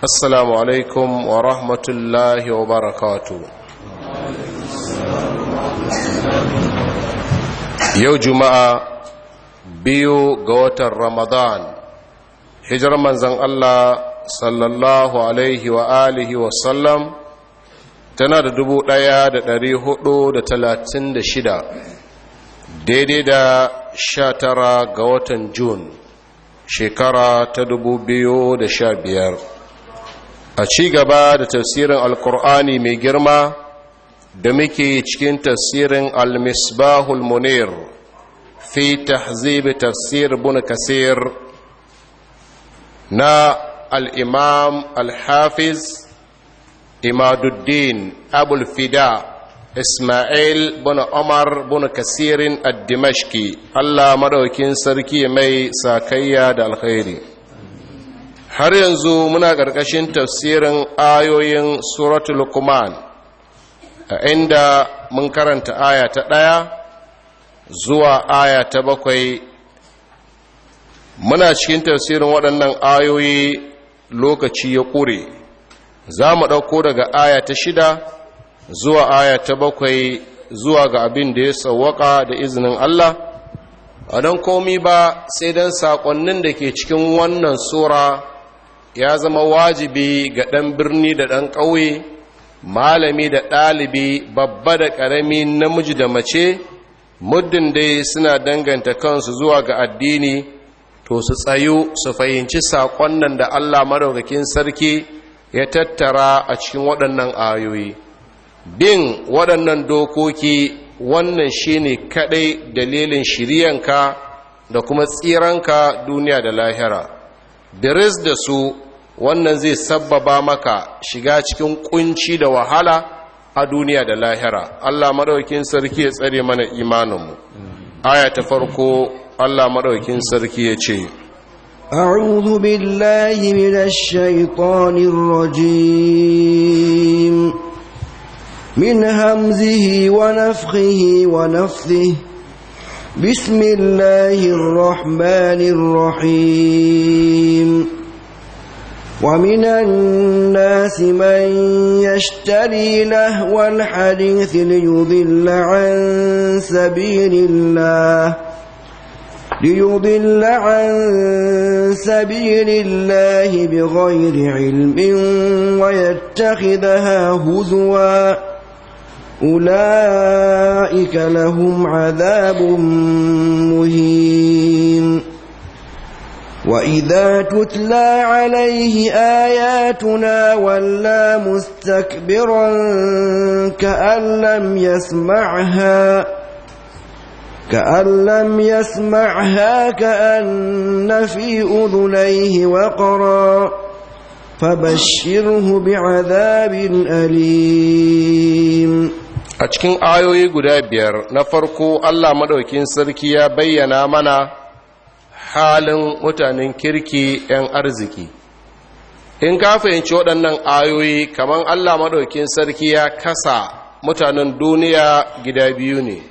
assalamu alaikum wa rahmatullahi wa barakatu yau juma'a biyu ga watan ramadan hijar manzan allah sallallahu alaihi wa alihi wa sallam tana da dubu ɗaya da dari hudu da talatin da shida daidai da sha tara ga watan Jun shekara ta dubu biyu da sha biyar a ci gaba da tafsirin alkur'ani mai girma da muke cikin tafsirin al-misbahul munir fi tahzib tafsir ibn kasir na al-imam al-hafiz imaduddin abul fida isma'il bin umar bin kasirin ad-dimashqi Allah madaukin sarki mai sakayya da alkhairi har yanzu muna ƙarƙashin tafsirin ayoyin suratul kuman a inda mun karanta aya ta ɗaya zuwa aya ta bakwai muna cikin tafsirin waɗannan ayoyi lokaci ya ƙure za mu ɗauko daga aya ta shida zuwa aya ta bakwai zuwa ga abin da ya tsawaka da izinin Allah a don komi ba sai don saƙonnin da ke cikin wannan sura ya zama wajibi ga ɗan birni da ɗan ƙauye malami da ɗalibi babba da ƙarami namiji da mace muddin dai suna danganta kansu zuwa ga addini to su tsayu su fahimci saƙon nan da allah maraukakin sarki ya tattara a cikin waɗannan ayoyi bin waɗannan dokoki wannan shine kaɗai dalilin shiriyanka da kuma tsiranka duniya da lahira biris da su wannan zai sabbaba maka shiga cikin kunci da wahala a duniya da lahira Allah maɗaukin sarki ya tsare mana imaninmu aya ta farko Allah maɗaukin sarki ya ce أعوذ بالله من الشيطان الرجيم من همزه ونفخه ونفثه بسم الله الرحمن الرحيم ومن الناس من يشتري لهو الحديث ليضل عن سبيل الله ليضل عن سبيل الله بغير علم ويتخذها هزوا أولئك لهم عذاب مهين وإذا تتلى عليه آياتنا ولا مستكبرا كأن لم يسمعها كأن لم يسمعها كأن في أذنيه وقرا فبشره بعذاب أليم a cikin ayoyi guda biyar na farko Allah madaukin sarki ya bayyana mana halin mutanen kirki 'yan arziki in ka fahimci waɗannan ayoyi kamar allah maɗaukin sarki ya kasa mutanen duniya gida biyu ne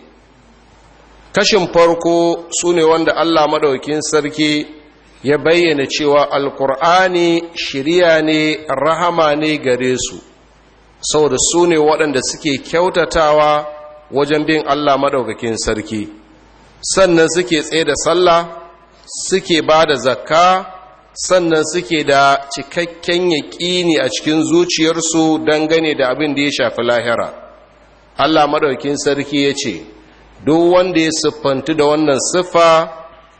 kashin farko su ne wanda allah maɗaukin sarki ya bayyana cewa alkur'ani shirya ne rahama ne gare su saboda su ne waɗanda suke kyautatawa wajen bin allah maɗaukakin sarki sannan suke tsaye da sallah suke ba da zakka sannan suke da cikakken yaƙini a cikin zuciyarsu dangane da abin da ya shafi lahira allah madaukin sarki ya ce duk wanda ya siffantu da wannan siffa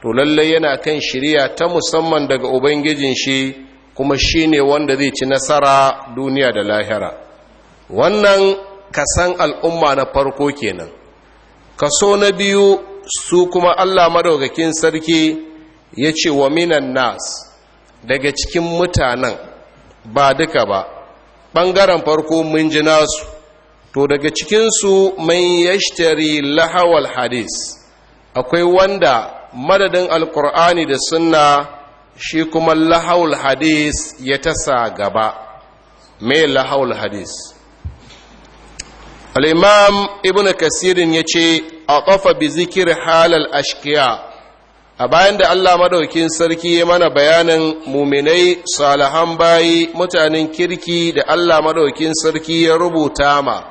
to lallai yana kan shirya ta musamman daga ubangijin shi kuma shi ne wanda zai ci nasara duniya da lahira wannan kasan al'umma na farko kenan kaso na biyu su kuma allah madaukakin sarki ya ce wa minan nas daga cikin mutanen ba duka ba ɓangaren farko mun ji nasu to daga cikinsu mai yashtari lahawal hadis akwai wanda madadin alkur'ani da sunna shi kuma lahawar hadis ya tasa gaba mai lahawar hadis al'imam ibn kasirin ya ce a ƙafa bi zikir halal ashkiya a bayan da Allah madaukin sarki ya mana bayanin muminai salihan bayi mutanen kirki da Allah madaukin sarki ya rubuta ma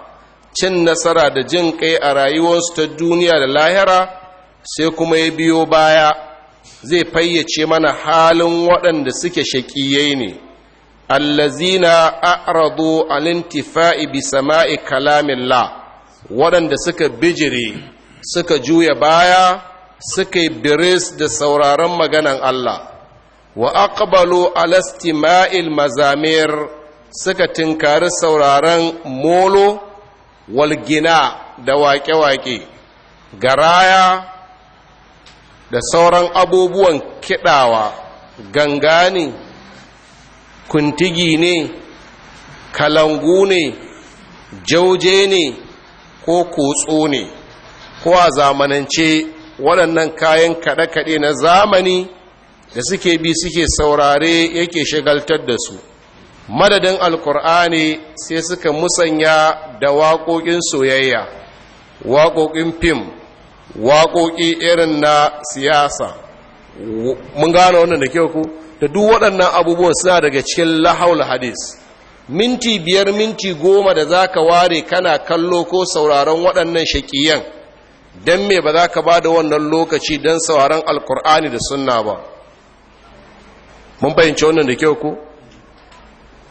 cin nasara da jin kai a rayuwarsu ta duniya da lahira sai kuma ya biyo baya zai fayyace mana halin waɗanda suke shaƙiyai ne allazina a'radu alintifa'i bi sama'i kalamillah waɗanda suka bijire suka juya baya suka yi biris da sauraron maganan Allah wa aqbalu alastima'il mazamir suka tinkari sauraron molo walgina da waƙe-waƙe garaya da sauran abubuwan kiɗawa gangani kuntigi ne kalangu ne jauje ne ko kotso ne ko a zamanance waɗannan kayan kaɗe-kaɗe na zamani da suke bi suke saurare yake shigaltar da su madadin alkur'ani sai suka musanya da waƙoƙin soyayya waƙoƙin fim waƙoƙi irin na siyasa mun gane wannan da kyau ku da duk waɗannan abubuwan suna daga cikin lahaul hadis minti biyar minti goma da za ka ware kana kallo ko sauraron waɗannan shaƙiyan don me ba za ka ba da wannan lokaci don sauran alkur'ani da sunna ba mun fahimci wannan da kyau ku?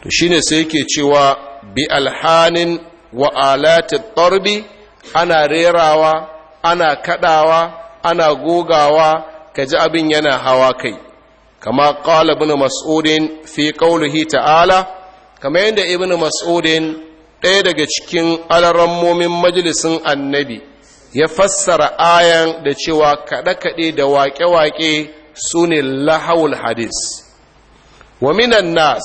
to shi ne sai yake cewa bi alhanin wa alatar tarbi ana rerawa ana kadawa ana gogawa ka ji abin yana hawa kai kama kala ibn mas'udin fi qawlihi ta'ala kama yadda ibn mas'udin ɗaya daga cikin alarammomin majalisin annabi ya fassara ayan da cewa kaɗe-kaɗe da waƙe-waƙe su ne lahawul hadis wa minan nas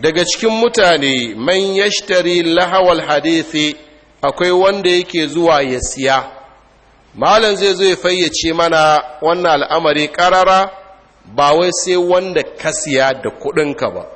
daga cikin mutane man yashtari lahawul hadithi akwai wanda yake zuwa ya siya malam zai zo ya fayyace mana wannan al'amari ƙarara ba wai sai wanda ka siya da kuɗinka ba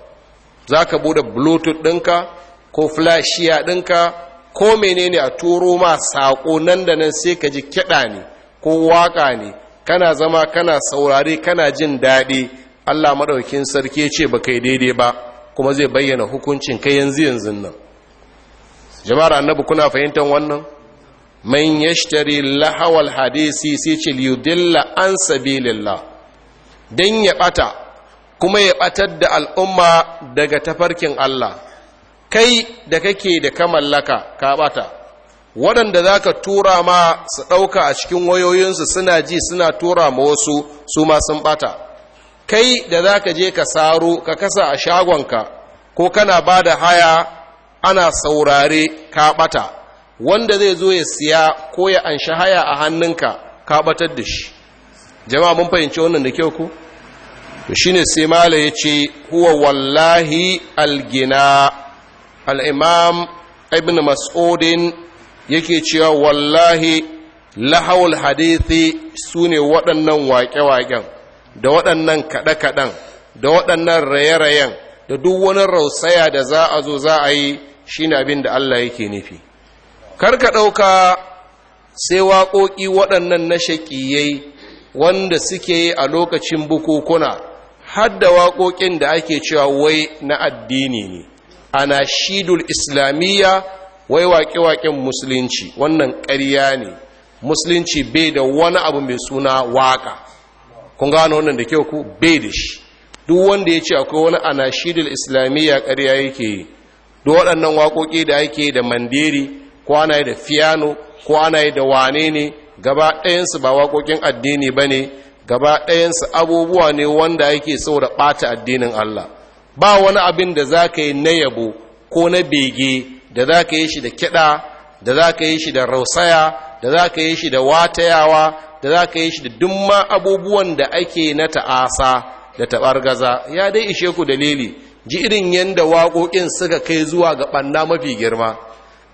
za ka bude bluetooth ɗinka ko flashiya ɗinka ko menene a turo ma saƙo nan da nan sai ka ji kiɗa ne ko waƙa ne kana zama kana saurari kana jin daɗi allah maɗaukin sarki ce ba kai daidai ba kuma zai bayyana hukuncin kai yanzu yanzu nan jama'ar annabi kuna fahimtar wannan man yashtari lahawal hadisi sai ce liyudilla an sabilillah dan ya ɓata kuma ya ɓatar da al'umma daga tafarkin allah kai da kake da ka mallaka ka bata waɗanda za ka tura ma su ɗauka a cikin wayoyinsu suna ji suna tura ma wasu su ma sun bata kai da za ka je ka saro ka kasa a shagonka ko kana ba da haya ana saurare ka bata wanda zai zo ya siya ko ya anshi haya a hannunka ka batar da shi jama'a mun fahimci wannan da kyau ku shine sai mala ce huwa wallahi algina al'imam ibn mas'udin yake cewa wallahi lahawul hadithi su ne waɗannan waƙe-waƙen da waɗannan kaɗe-kaɗen da waɗannan raye-rayen da duk wani rausaya da za a zo za a yi shi ne abin da Allah yake nufi Kar ka ɗauka sai waƙoƙi waɗannan na shaƙiyai wanda suke yi a lokacin bukukuna har da waƙoƙin da ake cewa wai na addini ne ana shidul islamiyya wai waƙe-waƙen musulunci wannan ƙarya ne musulunci bai da wani abu mai suna waƙa kun gano wannan da kyau ku bai da shi duk wanda ya ce akwai wani ana shidul islamiyya ƙarya yake yi duk waɗannan waƙoƙi da ake da mandiri ko ana yi da fiyano ko ana yi da wane ne gaba ɗayansu ba waƙoƙin addini ba ne gaba ɗayansu abubuwa ne wanda yake saboda ɓata addinin Allah ba wani abin da za ka yi na yabo ko na bege da za ka yi shi da kiɗa da za ka yi shi da rausaya da za ka yi shi da watayawa da za ka yi shi da dumma abubuwan da ake na ta'asa da taɓargaza ya dai ishe ku dalili ji irin yadda waƙoƙin suka kai zuwa ga ɓanna mafi girma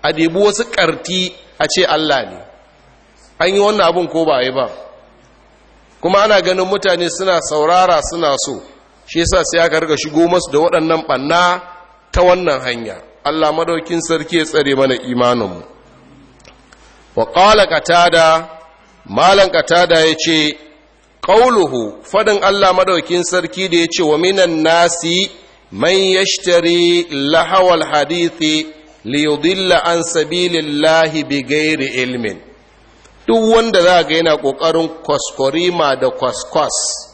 a debu wasu ƙarti a ce allah ne an yi wannan abin ko ba a yi ba kuma ana ganin mutane suna saurara suna so shi yasa sai aka rika shigo masu da waɗannan ɓanna ta wannan hanya Allah madaukin sarki ya tsare mana imaninmu wa qala qatada malan qatada yace qauluhu fadin Allah madaukin sarki da yace wa minan nasi man yashtari lahawal hadithi yudilla an sabilillahi bighairi ilmin duk wanda za ga yana kokarin kwaskwarima da kwaskwas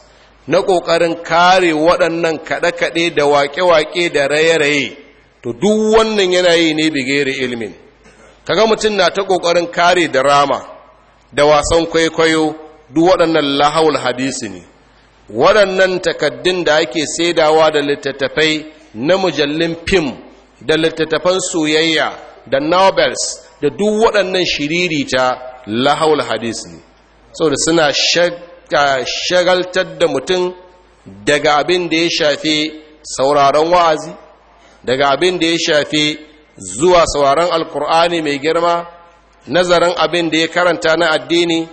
na ƙoƙarin kare waɗannan kaɗe-kaɗe da waƙe-waƙe da raye-raye to duk wannan yana yi ne bigere ilmin kaga mutum na ta ƙoƙarin kare da rama da wasan kwaikwayo duk waɗannan lahawar hadisi ne waɗannan takaddun da ake saidawa da littattafai na mujallin fim da littattafan soyayya da novels da duk waɗannan shiririta lahawar hadisi ne saboda suna shag shagaltar da mutum daga abin da ya shafi sauraron wa'azi daga abin da ya shafi zuwa sauraron alkur'ani mai girma nazarin abin da ya karanta na addini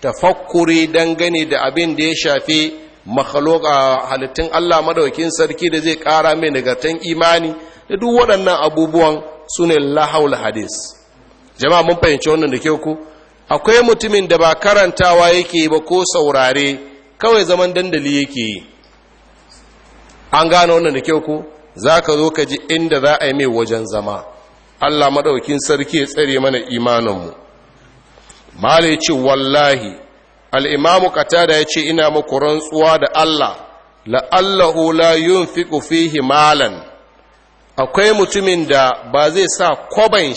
tafakkuri dangane da abin da ya shafi makhluk a halittun Allah madaukin sarki da zai kara mai nagartan imani da duk waɗannan abubuwan su ne lahaul hadis jama'a mun fahimci wannan da kyau ku akwai mutumin da ba karantawa yake ba ko saurare kawai zaman dandali yake yi an gano wannan da kyau ko za ka zo ka ji inda za a yi mai wajen zama allah maɗaukin sarki ya tsare mana imaninmu mala ya ce wallahi al'imamu katada ya ce ina muku rantsuwa da allah la'allahu la yun fihi malan akwai mutumin da ba zai sa kwaban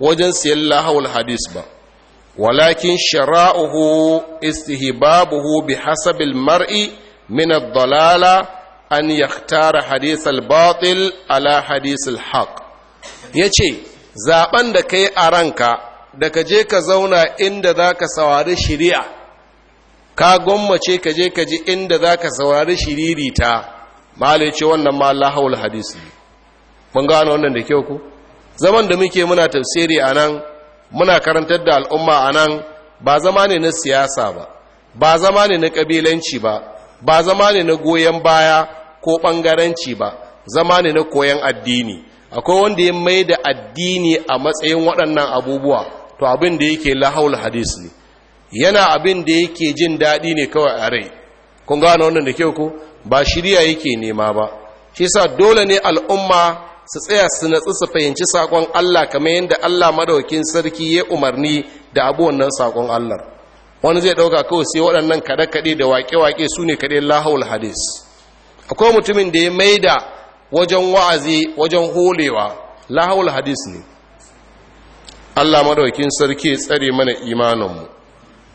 wajen siyan lahawul hadis ba walakin shara'uhu استهبابه بحسب المرء mar'i min أن يختار an الباطل على حديث الحق ala hadith دكي أرانكا yace zaben da kai a ranka da ka je ka zauna inda za ka saurari shari'a ka gwammace ka je ka ji inda za ka saurari shiriri ta ce wannan ma lahawul hadisi mun gano wannan da kyau ku zaman da muke muna tafsiri a nan muna karantar da al'umma a nan ba zama ne na siyasa ba ba zama ne na ƙabilanci ba ba zama ne na goyon baya ko ɓangaranci ba zama ne na koyon addini akwai wanda ya mai da addini a matsayin waɗannan abubuwa to abin da yake lahaul hadis ne yana abin da yake jin daɗi ne kawai a rai kun gano wannan da kyau ko ba shirya yake nema ba shi sa dole ne al'umma su tsaya su natsu su fahimci sakon Allah kamar yadda Allah madaukin sarki ya umarni da abu wannan sakon Allah wani zai ɗauka kawai sai waɗannan kaɗe-kaɗe da waƙe-waƙe su ne kaɗe lahawul hadis akwai mutumin da ya maida wajen wa'azi wajen holewa lahawul hadis ne Allah madaukin sarki tsare mana imaninmu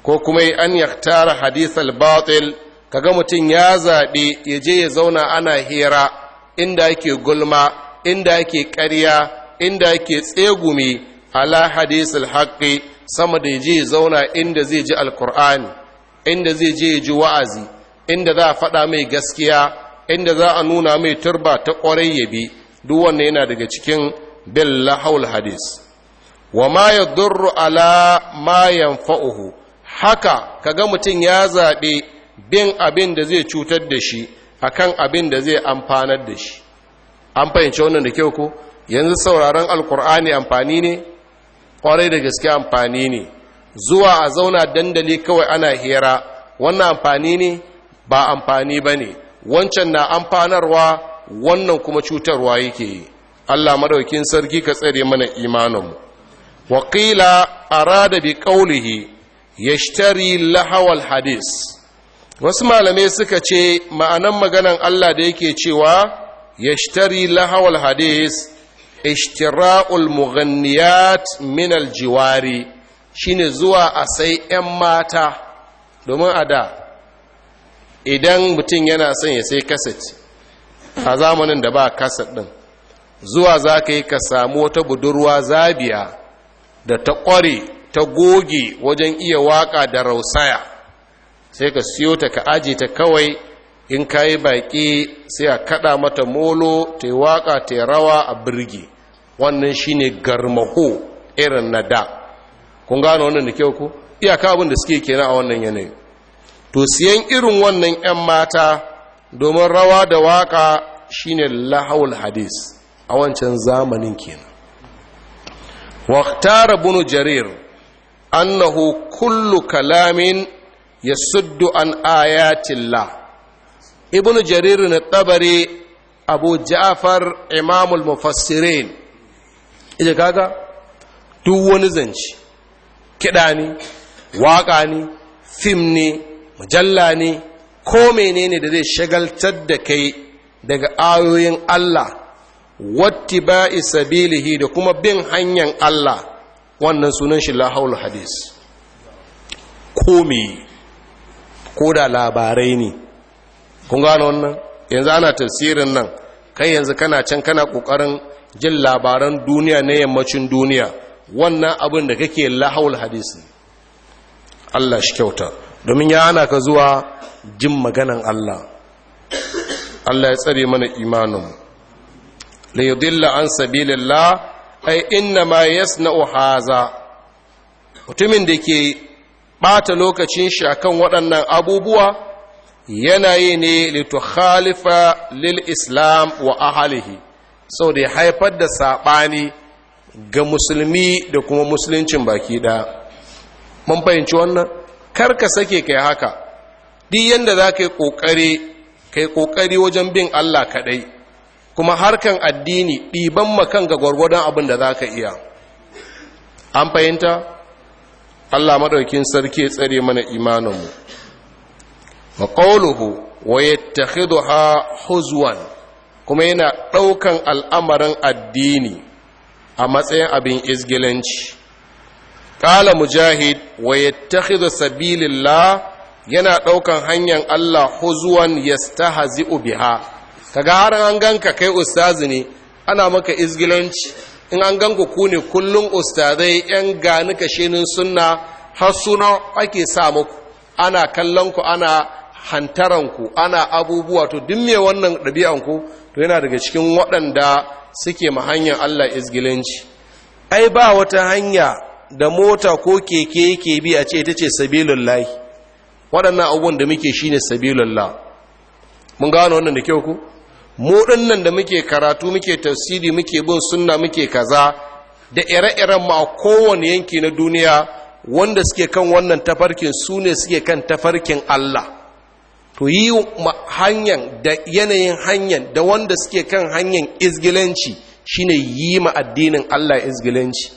ko kuma an yaktara hadithal batil kaga mutum ya zaɓe ya je ya zauna ana hira inda ake gulma inda yake ƙarya inda yake tsegumi, ala hadisul haqqi sama da yaje zauna inda zai ji alkur'ani inda zai je ji wa'azi inda za a faɗa mai gaskiya inda za a nuna mai turba ta ƙwarai yabi duk wannan yana daga cikin bil lahawul hadis wa ma yadurru ala ma yanfa'uhu haka kaga mutum ya zaɓe bin abin da zai cutar da shi akan abin da zai amfanar da shi an fahimci wannan da kyau ko yanzu sauraron alkur'ani amfani ne kwarai da gaske amfani ne zuwa a zauna dandali kawai ana hira wannan amfani ne ba amfani ba ne wancan na amfanarwa wannan kuma cutarwa yake yi allah maɗaukin sarki ka tsare mana imaninmu waƙila rada bi ya yashtari lahawal hadis wasu malamai suka ce ma'anan maganan allah da yake cewa yashtari lahawal hadis ishtira'ul mughanniyat min aljiwari shine zuwa a sai 'yan mata domin a da idan mutum yana son ya sai kaset a zamanin da ba kaset ɗin zuwa za ka yi ka samu wata budurwa zabiya da ta ƙware ta goge wajen iya waƙa da rausaya sai ka siyo ta ka aji ta kawai in ka yi baƙi sai a kaɗa mata molo ta waƙa ta rawa a birge wannan shine garmaho irin na da kun gano wannan da kyau ku iyaka abin da suke kenan a wannan yanayi to siyan irin wannan 'yan mata domin rawa da waƙa shine lahawul hadis a wancan zamanin kenan waktara bunu jarir annahu kullu kalamin ya suddu an ayatillah ibn jarir na tabari abu ja'far imamul mufassirin ije kaga duk wani zance kiɗa ne waƙa ne fim ne mujalla ne ko menene da zai shagaltar da kai daga ayoyin Allah wattiba'i sabilihi da kuma bin hanyar Allah wannan sunan shi lahaul hadis ko me ko da labarai ne kun gano wannan yanzu ana tafsirin nan kai yanzu kana can kana kokarin jin labaran duniya na yammacin duniya wannan abin da kake lahaul hadisi Allah shi kyauta domin ya ana ka zuwa jin maganan Allah Allah ya tsare mana imanin la yudilla an sabilillah ai inna ma yasna'u haza mutumin da ke bata lokacin shi akan waɗannan abubuwa Yanayi yi ne litukhalifa lil islam wa ahalihi sau da ya haifar da saɓani ga musulmi da kuma musuluncin baki ɗaya mun fahimci wannan karka sake kai haka duk yadda za ka yi ƙoƙari ka ƙoƙari wajen bin allah kaɗai kuma harkan addini ɗiban makan ga gwargwadon abin da za ka iya an fahimta allah maɗaukin sarki ya tsare mana imaninmu فقوله ويتخذها حزوا كما kuma yana ɗaukan al'amarin addini a matsayin abin izgilanci ƙala mujahid wa sabilillah yana ɗaukan hanyar Allah huzwan yastahzi'u biha kaga har an ganka kai ustazi ne ana maka izgilanci in an ganku ku ne kullum ustazai yan gani kashenin sunna har suna ake sa muku ana kallon ku ana hantaranku ana abubuwa to duk me wannan ɗabi'anku to yana daga cikin waɗanda suke ma hanyar Allah izgilanci ai ba wata hanya da mota ko keke yake bi a ce ita ce sabilullahi waɗannan abubuwan da muke shine sabilullah mun gano wannan da kyau ku mu nan da muke karatu muke tafsiri muke bin sunna muke kaza da ire-iren ma kowane yanki na duniya wanda suke kan wannan tafarkin su ne suke kan tafarkin Allah to yi hanyar da yanayin hanyar da wanda suke kan hanyar izgilanci shine yi ma addinin Allah izgilanci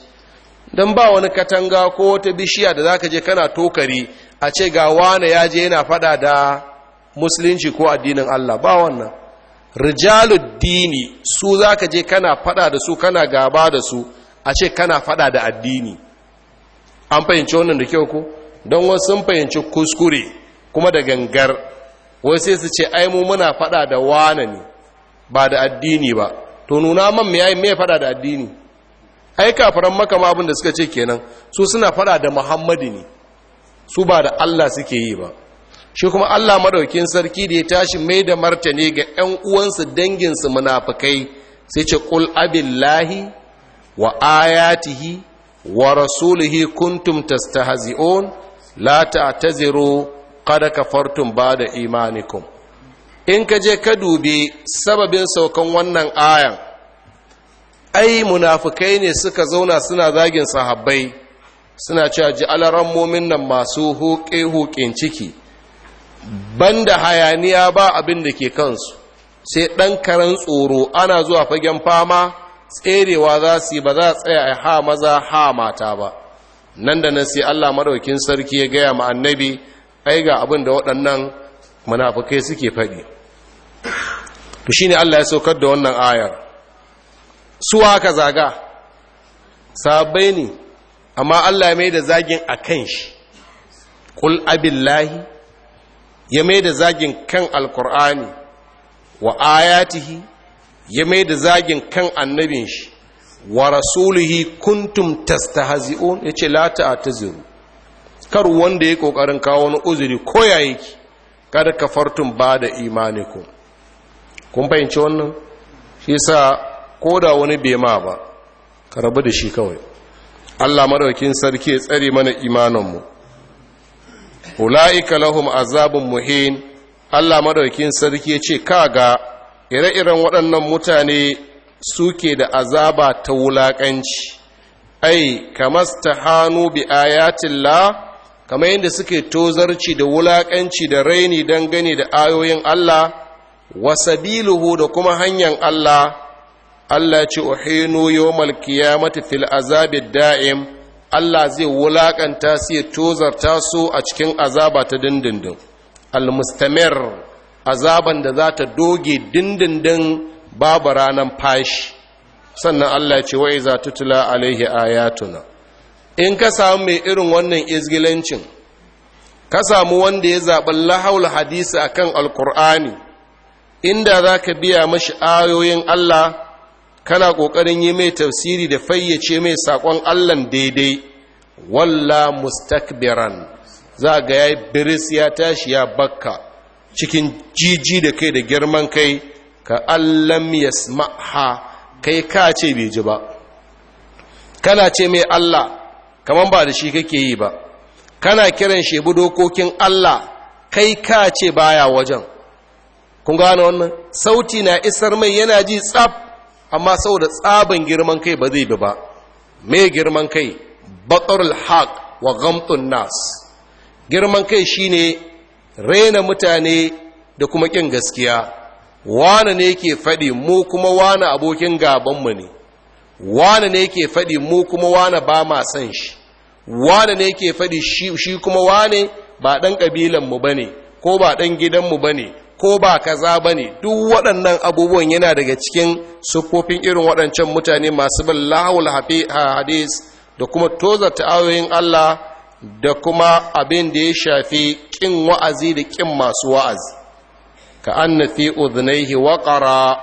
don ba wani katanga ko wata bishiya da zaka je kana tokari a ce ga wane ya je yana fada da musulunci ko addinin Allah ba wannan rijaluddini su zaka je kana fada da su kana gaba da su a ce kana fada da addini an fahimci wannan da kyau ko don wasu sun fahimci kuskure kuma da gangar wai sai su ce ai mu muna fada da wane ne ba da addini ba to nuna man me yayi me fada da addini ai kafiran maka ma abin da suka ce kenan su suna fada da muhammadu ne su ba da Allah suke yi ba shi kuma Allah madaukin sarki da ya tashi mai da martani ga 'yan uwansu danginsu munafukai sai ce qul abillahi wa ayatihi wa rasulihi kuntum tastahzi'un la ta'taziru kada kafartum ba da imanikum in ka je ka dubi sababin saukan wannan ayan ai munafukai ne suka zauna suna zagin sahabbai suna cewa ji alarammomin nan masu huƙe-huƙen ciki banda hayaniya ba abin da ke kansu sai ɗan karen tsoro ana zuwa fagen fama tserewa za su yi ba za a tsaya ha maza ha mata ba nan da nan sai allah maraukin sarki ya gaya ma annabi ai ga abin da waɗannan munafukai suke faɗi to shine Allah ya saukar da wannan ayar su aka zaga sabai ne amma Allah ya mai da zagin a kan shi kul abillahi ya mai da zagin kan alkur'ani wa ayatihi ya mai da zagin kan annabin shi wa rasulihi kuntum tastahzi'un yace la ta'taziru kar wanda ya kokarin kawo wani uzuri ko ya yake kada fartun ba da imanikum kun fahimci wannan shi yasa ko da wani bai ba ka rabu da shi kawai Allah madaukin sarki ya tsare mana imaninmu ulaika lahum azabun muhin Allah madaukin sarki ya ce kaga ire-iren waɗannan mutane suke da azaba ta wulaƙanci ai ta hannu bi ayatillah Kama yadda suke tozarci da wulaƙanci da raini gani da ayoyin Allah wasabiluhu da kuma hanyar Allah Allah ce uhinu yawmal qiyamati fil azabid da'im Allah zai wulaƙanta su ya tozarta su a cikin azaba ta dindindin almustamir azaban da za ta doge dindindin babu ranar fashi sannan Allah ce wa'iza tutula alaihi ayatuna in ka samu mai irin wannan izgilancin ka samu wanda ya zaɓi lahaul hadisi a kan alkur'ani inda za ka biya mashi ayoyin allah kana ƙoƙarin yi mai tafsiri da fayyace mai saƙon allah daidai walla mustakbiran za ga ya biris ya tashi ya bakka cikin jiji da kai da girman kai ka allam yasma'ha kai ka ce bai ji ba kana ce mai allah kamar ba da shi kake yi ba kana kiran shi dokokin Allah kai ka ce baya wajen kun gane wannan sauti na isar mai yana ji tsab amma saboda tsabin girman kai ba zai bi ba mai girman kai batarul haq wa ghamtun nas girman kai shine rena mutane da kuma kin gaskiya wane ne yake faɗi mu kuma wane abokin gaban mu ne wane ne yake faɗi mu kuma wane ba ma san shi wane ne ke faɗi shi kuma wane ba ɗan ƙabilanmu ba ne ko ba ɗan gidanmu ba ne ko ba kaza ba ne duk waɗannan abubuwan yana daga cikin siffofin irin waɗancan mutane masu bin lahul hadis da kuma toza ta'awoyin Allah da kuma abin da ya shafi ƙin wa'azi da ƙin masu wa'azi ka anna fi udunaihi waƙara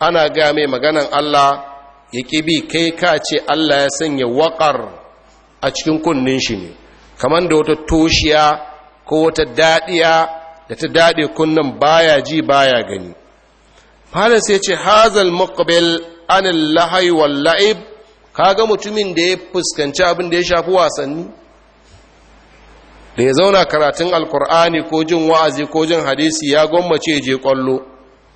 ana ga mai maganan Allah ya bi kai ka ce Allah ya sanya waƙar a cikin kunnin shi ne kamar da wata toshiya ko wata daɗiya da ta daɗe kunnan baya ji baya gani fara sai ce hazal muqbil anil lahai wal la'ib kaga mutumin da ya fuskanci abin da ya shafi wasanni da ya zauna karatun alkur'ani ko jin wa'azi ko jin hadisi ya gwammace je kwallo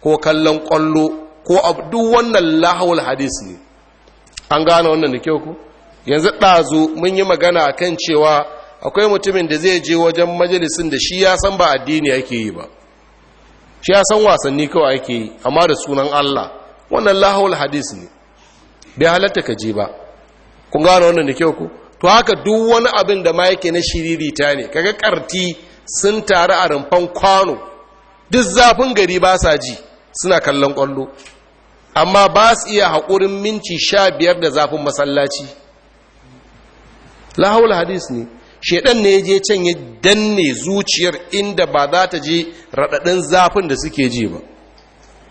ko kallon kwallo ko duk wannan lahawul hadisi. ne an gane wannan da kyau ku yanzu ɗazu mun yi magana a kan cewa akwai mutumin da zai je wajen majalisin da shi ya san ba addini ake yi ba shi ya san wasanni kawai ake yi amma da sunan Allah wannan lahawul hadis ne bai halatta ka je ba kun gano wannan da kyau ku to haka duk wani abin da ma yake na shiririta ne kaga karti sun taru a rumfan kwano duk zafin gari ba sa ji suna kallon kwallo amma ba su iya haƙurin minci sha biyar da zafin masallaci lahaul hadis ne shedan ne je can ya danne zuciyar inda ba za ta je raɗaɗin zafin da suke ji ba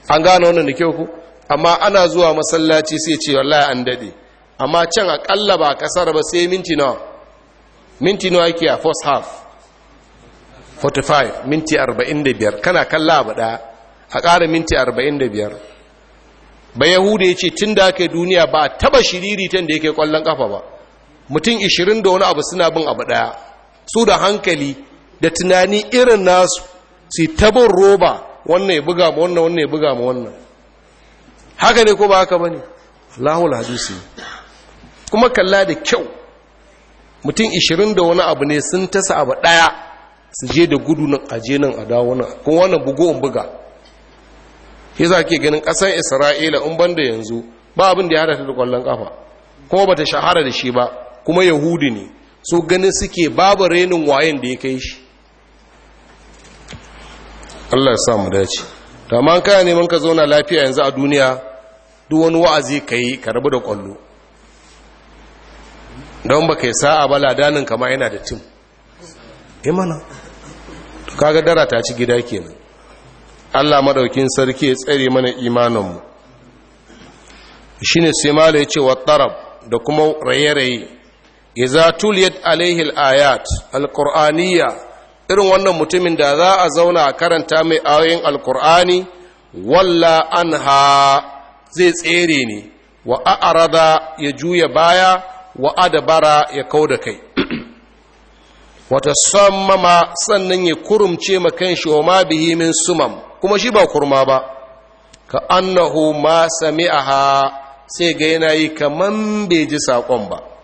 an gane wannan da kyau ku amma ana zuwa masallaci sai ce wallahi an dade amma can aƙalla ba kasar ba sai minti nawa minti nawa yake a first half 45 minti 45 kana kalla ba ɗaya a ƙara minti 45 ba yahuda ya ce tun da aka yi duniya ba taba shiriritan da yake ƙwallon ƙafa ba mutum ishirin da wani abu suna bin abu ɗaya su da hankali da tunani irin nasu su tabin roba wannan ya buga ma wannan wannan ya buga ma wannan haka ne ko ba haka ba ne lahul hadisi kuma kalla da kyau mutum ishirin da wani abu ne sun tasa abu ɗaya su je da gudu nan aje nan a dawo nan kuma wannan bugo in buga za ke ganin ƙasar isra'ila in banda yanzu ba abin da ya hada ta da ƙwallon ƙafa kuma bata shahara da shi ba kuma yahudi ne so ganin suke babu renin wayan da ya kai shi Allah ya sa dace to amma kaya neman ka zauna lafiya yanzu a duniya duk wani wa'azi kai ka rabu da kwallo don ba kai sa'a ba ladanin kama yana da tim imana eh kaga dara ta ci gida kenan Allah maɗaukin sarki ya tsare mana imaninmu shine sai mala ya ce wa tarab da kuma raye-raye iza tuliyat alaihi al-ayat al-qur'aniyya irin wannan mutumin da za a zauna a karanta mai ayoyin al-qur'ani walla anha zai tsere ne wa a'rada ya juya baya wa adbara ya kauda kai wata sammama sannan ya kurumce ma kanshi wa ma bihi min sumam kuma shi ba kurma ba ka annahu ma sami'aha sai ga yana yi kaman bai ji saƙon ba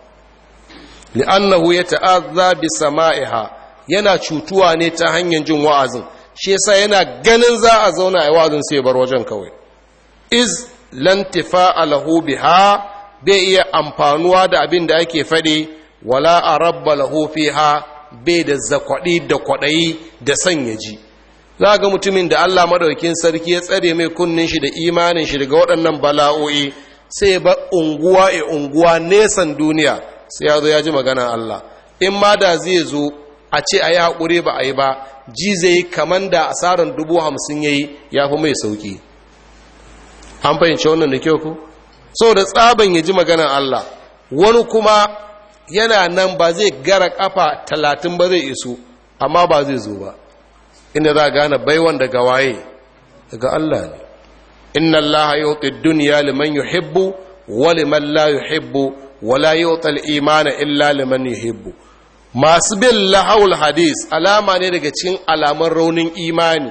li'annahu ya ta'azza bi sama'iha yana cutuwa ne ta hanyar jin wa'azin shi yasa yana ganin za a zauna a wa'azin sai bar wajen kawai iz lantifa alahu biha bai iya amfanuwa da abin da ake faɗi wala a rabba lahu fiha bai da zakwaɗi da kwaɗayi da sanya ji za ga mutumin da Allah madaukin sarki ya tsare mai kunnin shi da imanin shi daga waɗannan bala'o'i sai ba unguwa e unguwa nesan duniya sai ya zo ya ji magana Allah in ma da zai zo a ce a yi haƙuri ba a yi ba ji zai kaman da asarar dubu hamsin ya yi ya fi mai sauƙi an fahimci wannan da kyau ku so da tsaban ya ji magana Allah wani kuma yana nan ba zai gara kafa talatin ba zai isu amma ba zai zo ba inda za gane baiwan daga waye daga Allah ne inna Allah ya yi duniya liman yuhibbu wa liman la yuhibbu wala yutal imana illa liman yuhibbu masu bin lahawul hadis alama ne daga cikin alaman raunin imani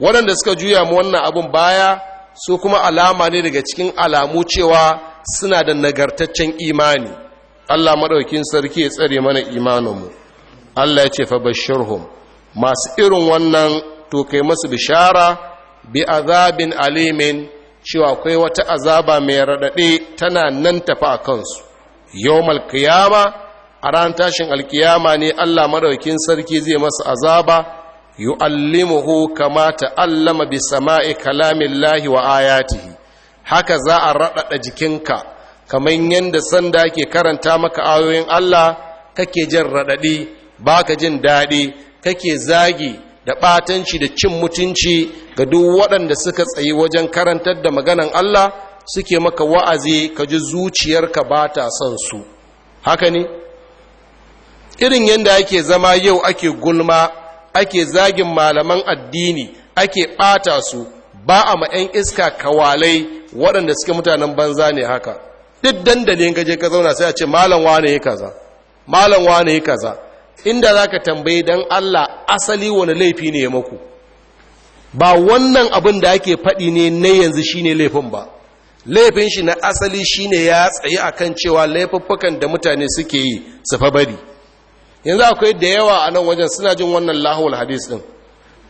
waɗanda suka juya mu wannan abun baya su kuma alama ne daga cikin alamu cewa suna da nagartaccen imani Allah maɗaukin sarki ya tsare mana imaninmu Allah ya ce fa bashirhum masu irin wannan to kai masu bishara bi azabin alimin cewa akwai wata azaba mai raɗaɗe tana nan tafi a kansu Yau Malkiyama, a ran tashin alkiyama ne Allah madaukin sarki zai masa azaba yu'allimuhu kama ta'allama bi sama'i lahi wa ayatihi haka za a raɗaɗa jikinka kamar yadda sanda ke karanta maka ayoyin Allah kake jin raɗaɗi, ba ka jin daɗi kake zagi da ɓatanci da cin mutunci ga duk waɗanda suka tsayi wajen karantar da maganan Allah suke maka wa'azi ka ji zuciyarka ba ta son su haka ne irin yadda ake zama yau ake gulma ake zagin malaman addini ake ɓata su ba a ma 'yan iska kawalai waɗanda suke mutanen banza ne haka duk dandalin gaje ka zauna sai a ce malam wane yi kaza malam wane yi kaza inda za ka tambayi don allah asali wani laifi ne ya maku ba wannan abin da ake faɗi ne na yanzu shine laifin ba laifin shi na asali shine ya tsayi akan cewa laifuffukan da mutane suke yi su fa bari yanzu akwai da yawa a nan wajen suna jin wannan lahul hadis din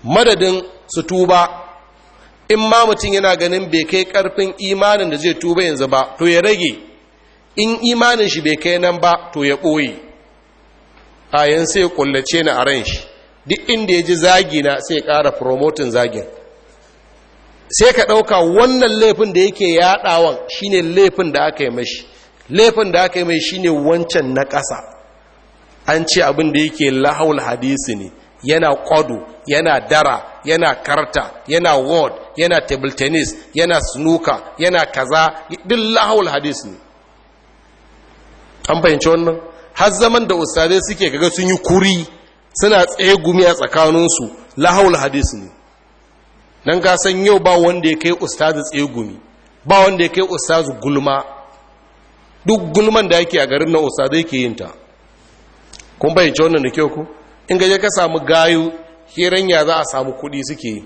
madadin su tuba in ma mutum yana ganin bai kai karfin imanin da zai tuba yanzu ba to ya rage in imanin shi bai kai nan ba to ya ɓoye a yan sai kullace ni a ran shi duk inda ya ji zagi na sai ya ƙara promotin zagin sai ka ɗauka wannan laifin da yake yaɗawan shine laifin da aka yi mashi laifin da aka yi shi shine wancan na ƙasa an ce abin da yake lahaul hadisi ne yana ƙwado, yana dara yana karta yana ward yana table tennis yana snooker yana kaza duk lahaul hadisi ne an fahimci wannan har zaman da ustazai suke kaga sun yi kuri suna tsaye gumi a tsakaninsu lahaul hadisi ne don kasan yau ba wanda ya kai ustazu tsegumi ba wanda ya kai ustazu gulma duk gulman da yake a garin na ustazu yake yin ta kun bayyance wannan da kyau ku in gaje ka samu gayu hiran ya za a samu kuɗi suke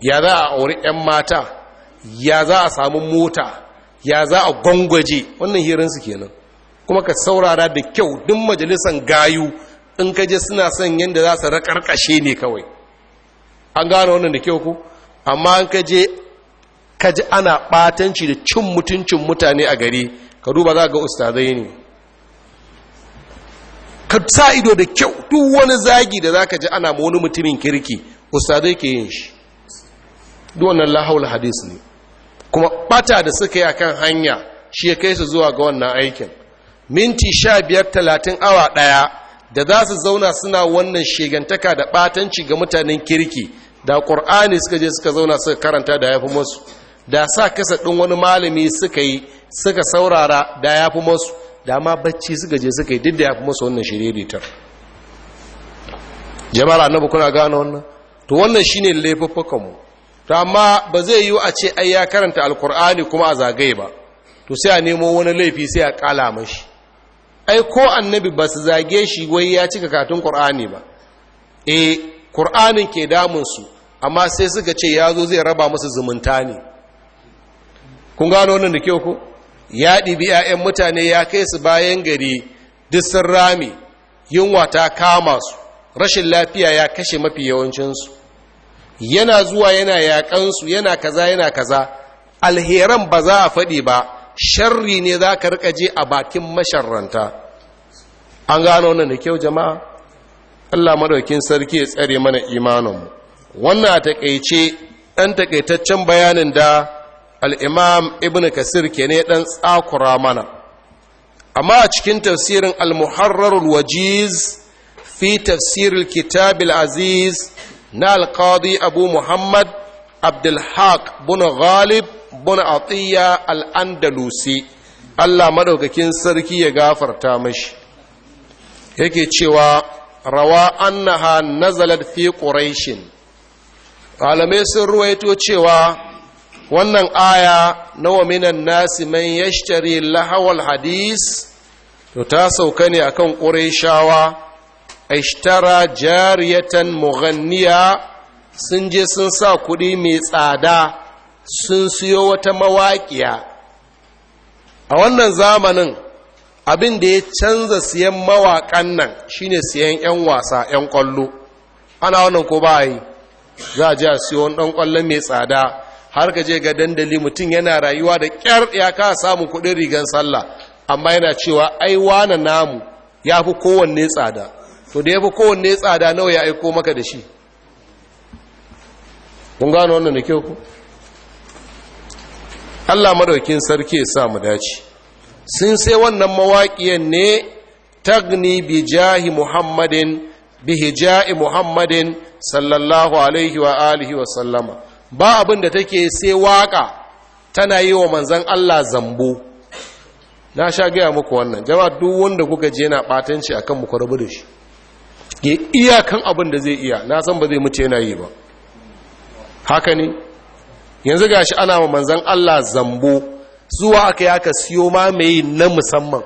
ya za a auri 'yan mata ya za a samu mota ya za a gwangwaje wannan su kenan kuma ka saurara da kyau duk majalisan gayu in kaje suna son yadda za su raƙarƙashe ne kawai an gano wannan da kyau ku amma an kaje kaji ana batanci da cin mutuncin mutane a gari ka duba za ga ustazai ne ka sa ido da kyau duk wani zagi da za ka ji ana ma wani mutumin kirki ustazai ke yin shi duk wannan lahaul hadis ne kuma bata da suka yi akan hanya shi ya kai su zuwa ga wannan aikin minti sha biyar talatin awa ɗaya da za su zauna suna wannan shegantaka da batanci ga mutanen kirki da ƙur'ani suka je suka zauna suka karanta da ya fi masu da sa kasa ɗin wani malami suka yi suka saurara da ya fi masu da ma bacci suka je suka yi duk da ya fi masu wannan shiriritar jama'ar annabu kuna gane wannan to wannan shine laifuffukanmu to amma ba zai yiwu a ce ai ya karanta alkur'ani kuma a zagaye ba to sai a nemo wani laifi sai a kala mashi ai ko annabi ba su zage shi wai ya cika katun ƙur'ani ba eh ƙur'anin ke damunsu amma sai suka ce ya zo zai raba musu zumunta ne kun gano wannan da kyau ku? ya ɗibi 'ya'yan mutane ya kai su bayan gari duk sun rami yunwa ta kama su rashin lafiya ya kashe mafi yawancinsu yana zuwa yana yaƙansu yana kaza yana kaza alheran ba za a faɗi ba sharri ne za ka rika je a bakin masharranta an gano wannan da kyau jama'a Allah madaukin sarki ya tsare mana imaninmu wannan a takeice ɗan takaitaccen bayanin da al'imam ibn kasir ke ne ɗan tsakura mana amma a cikin tafsirin al al wajiz fi tafsirin kitabil aziz na alkadi abu muhammad abdulhaq bin ghalib bin atiyya al-andalusi Allah madaukakin sarki ya gafarta mashi yake cewa rawa annaha nazalat fi quraishin malamai sun ruwaito cewa wannan aya nawa wa minan nasi man yashtari lahawal hadis to ta sauka ne akan quraishawa ishtara jariyatan mughanniya sun je sun sa kuɗi mai tsada sun siyo wata mawaƙiya a wannan zamanin abin da ya canza siyan mawaƙan nan shine siyan 'yan wasa 'yan ƙwallo ana wannan ko ba yi za a ji a siyo ɗan ƙwallo mai tsada har ka je ga dandali mutum yana rayuwa da ƙyar ya ka samun kuɗin rigan sallah amma yana cewa ai wane namu ya fi kowanne tsada to da ya fi kowanne tsada nawa ya aiko maka da shi kun gano wannan da kyau ku Allah madaukin sarki ya sa mu dace sun sai wannan mawaƙiyan ne tagni bi jahi muhammadin bi hija'i muhammadin sallallahu alaihi wa alihi wa sallama ba abin da take sai waƙa tana yi wa manzan Allah zambu. na sha gaya muku wannan jama duk wanda kuka je na ɓatanci akan muku rabu da shi ya iyakan abin da zai iya na san ba zai mutu yana yi ba haka ne yanzu gashi ana wa manzan Allah zambu. zuwa aka yi aka siyo ma mai na musamman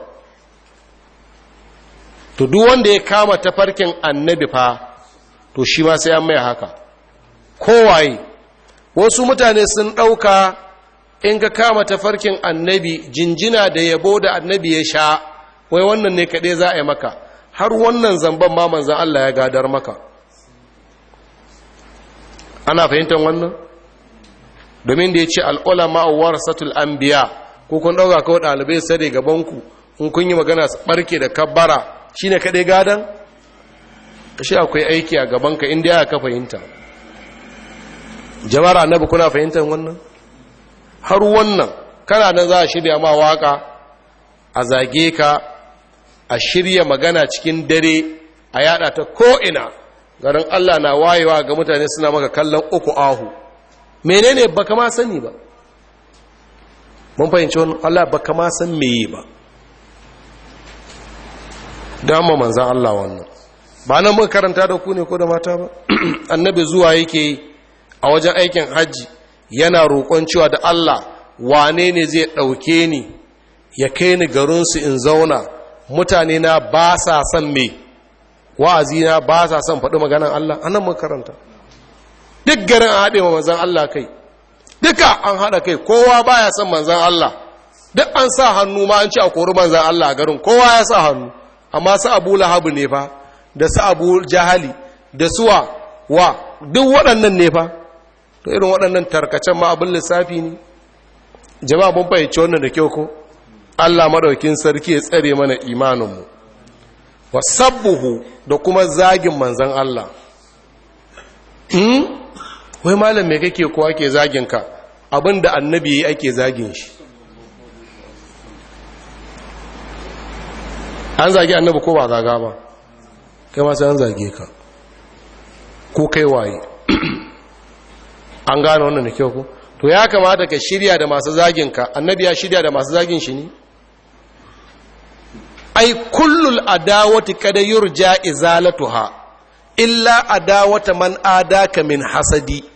to duk wanda ya kama ta farkin annabi fa to shi ma sai an mai haka kowaye wasu mutane sun ɗauka in ka kama ta farkin annabi jinjina da yabo da annabi ya sha wai wannan ne kaɗai za a yi maka har wannan zamban ma manzan Allah ya gadar maka ana fahimtar wannan domin da ya ce al'ulama an biya ko kun ɗauka kawai ɗalibai sare gabanku in kun yi magana su ɓarke da kabbara shi ne kaɗai gadon shi akwai aiki a gabanka inda ya ka fahimta jama'ar annabi kuna fahimtar wannan har wannan kana nan za a shirya ma waka a zage ka a shirya magana cikin dare a yada ta ko'ina garin allah na wayewa ga mutane suna maka kallon uku ahu menene baka ma sani ba mun fahimci wani Allah baka ma san meye ba dama manzan Allah wannan ba nan muka karanta da ku ne ko da mata ba annabi zuwa yake yi a wajen aikin hajji yana roƙon cewa da Allah wane ne zai ɗauke ni ya kai ni garinsu in zauna mutane na ba sa son me wa'azi na ba sa son faɗi maganan Allah anan muka karanta duk garin a haɗe wa manzan Allah kai duka an haɗa kai kowa baya son manzan Allah duk an sa hannu ma an ci a kori manzan Allah a garin kowa ya sa hannu amma su abu lahabu ne fa da su abu jahali da suwa wa duk waɗannan ne fa to irin waɗannan tarkacen ma abin lissafi ne jama'a mun fahimci wannan da kyau ko Allah madaukin sarki ya tsare mana imaninmu wasabbuhu da kuma zagin manzan Allah hmm? wai malam mai kake kowa ke zagin ka abinda annabi yi ake zagin shi an zagi annabi ko ba zaga ba kai masu an zage ka ko kai waye an gane wannan da kyau ko to ya kamata ka shirya da masu zagin ka annabi ya shirya da masu zagin shi ne ai kullul adawati kada yurja izalatuha illa adawata man adaka min hasadi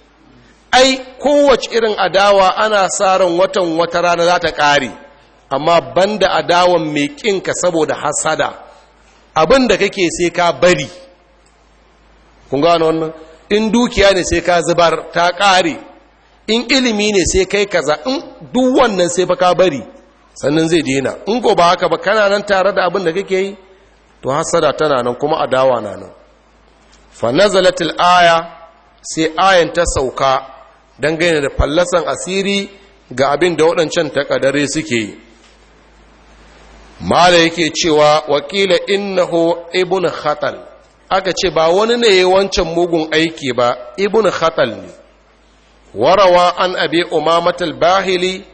ai kowace irin adawa ana saran watan wata rana za ta ƙare amma banda adawan mai ƙinka saboda hasada abin da kake sai ka bari kun gano wannan in dukiya ne sai ka zubar ta ƙare in ilimi ne sai kai kaza in duk wannan sai baka bari sannan zai daina in ko ba haka ba kana nan tare da abin da kake yi to hasada tana nan kuma adawa na nan fa nazalatil aya sai ayan ta sauka dangane da fallasan asiri ga abin da waɗancan takadare suke yi mala yake cewa wakila innahu ibn khatal aka ce ba wani ne ya wancan mugun aiki ba ibn khatal ne warawa an abi umamat al-bahili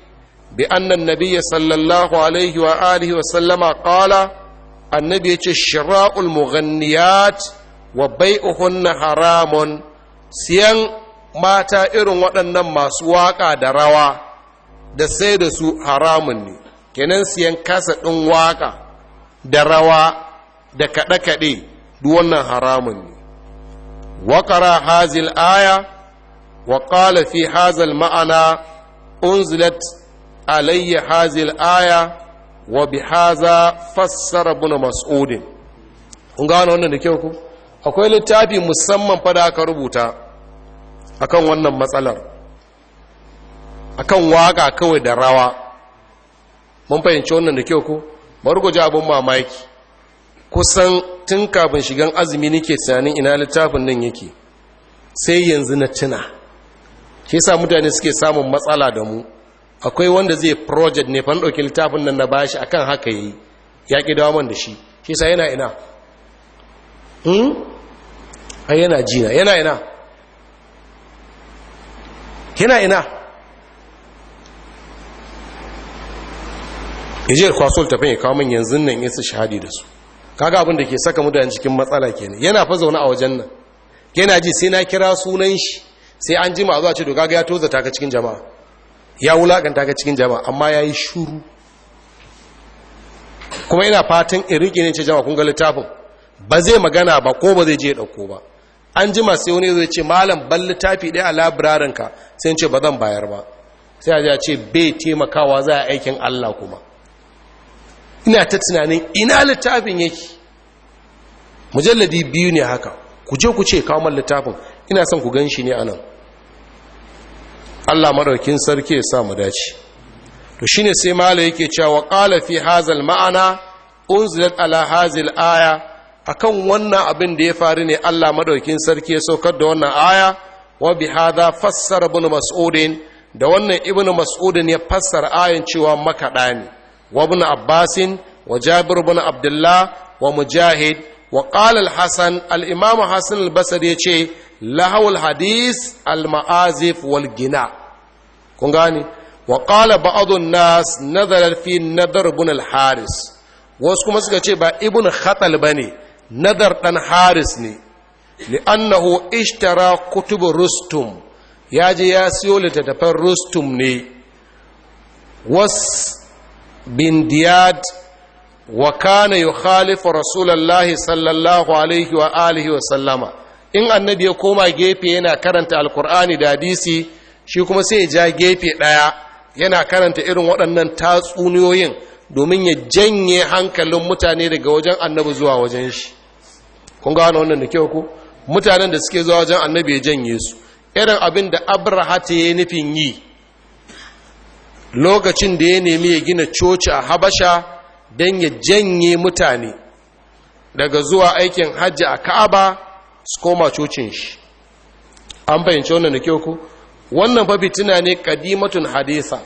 bi anna an-nabiy sallallahu alaihi wa alihi wa sallama qala annabi yace shira'ul mughanniyat wa bai'uhunna haramun siyan mata irin waɗannan masu waƙa da rawa da sai da su haramun ne kenan siyan kasa ɗin waƙa da rawa da kaɗe-kaɗe duk wannan haramun ne waƙara hazil aya wa ƙala fi hazal ma'ana unzilat alayya hazil aya wa bi haza fassara buna mas'udin kun gano wannan da kyau ku akwai littafi musamman fada da aka rubuta akan wannan matsalar akan waka kawai da rawa mun fahimci wannan da kyau ko bari ji mamaki kusan tun kafin shigan azumi nake tunanin ina littafin nan yake sai yanzu na tuna ke sa mutane suke samun matsala da mu akwai wanda zai project ne fan ɗauki littafin nan na bashi akan haka yi ya ƙi daman da shi ke sa yana ina hmm? ai yana jina yana ina yana ina ijiyar kwasol tafin ya kawo min yanzu nan yasa shahadi da su kaga abin da ke saka mutane cikin matsala ke kenan yana fa zaune a wajen nan yana ji sai na kira sunan shi sai an jima zuwa ce to kaga ya toza taka cikin jama'a ya wulakanta ka cikin jama'a amma ya yi shuru kuma yana fatan in rike ne ce jama'a kun ga littafin ba zai magana ba ko ba zai je ɗauko ba an jima sai wani zai ce malam ban littafi ɗaya a labirarin ka sai ce ba zan bayar ba sai a ce bai taimakawa za a aikin Allah kuma ina ta tunanin ina littafin yake mujalladi biyu ne haka ku je ku ce kawo littafin ina son ku gan shi ne anan Allah maraukin sarki ya sa mu dace to shine sai Malam yake cewa qala fi hazal ma'ana unzilat ala hazil aya akan wannan abin da ya faru ne Allah madaukin sarki ya saukar da wannan aya wa bi hadha fassara ibn mas'udin da wannan ibn mas'udin ya fassara ayan cewa makaɗa ne wa ibn abbasin wa jabir ibn abdullah wa mujahid wa qala al-hasan al-imam hasan al-basri yace lahawul hadis al-ma'azif wal gina kun gane wa qala nas nadara fi nadar ibn al-haris wasu kuma suka ce ba ibn khatal bane nadar ɗan haris ne li'annahu ishtara kutubu rustum ya je ya siyo littattafan rustum ne was bin diyad wa kana yukhalifu rasulallahi sallallahu alaihi wa alihi wa sallama in annabi ya koma gefe yana karanta alkur'ani da hadisi shi kuma sai ya ja gefe ɗaya yana karanta irin waɗannan tatsuniyoyin domin ya janye hankalin mutane daga wajen annabi zuwa wajen shi kun wani wannan da kyau ko mutanen da suke zuwa wajen annabi ya janye su irin abin da abraha ta yi nufin yi lokacin da ya nemi ya gina coci a habasha don ya janye mutane daga zuwa aikin hajji a ka'aba su koma cocin shi an fahimci wannan da kyau ku wannan fa fitina ne kadimatun hadisa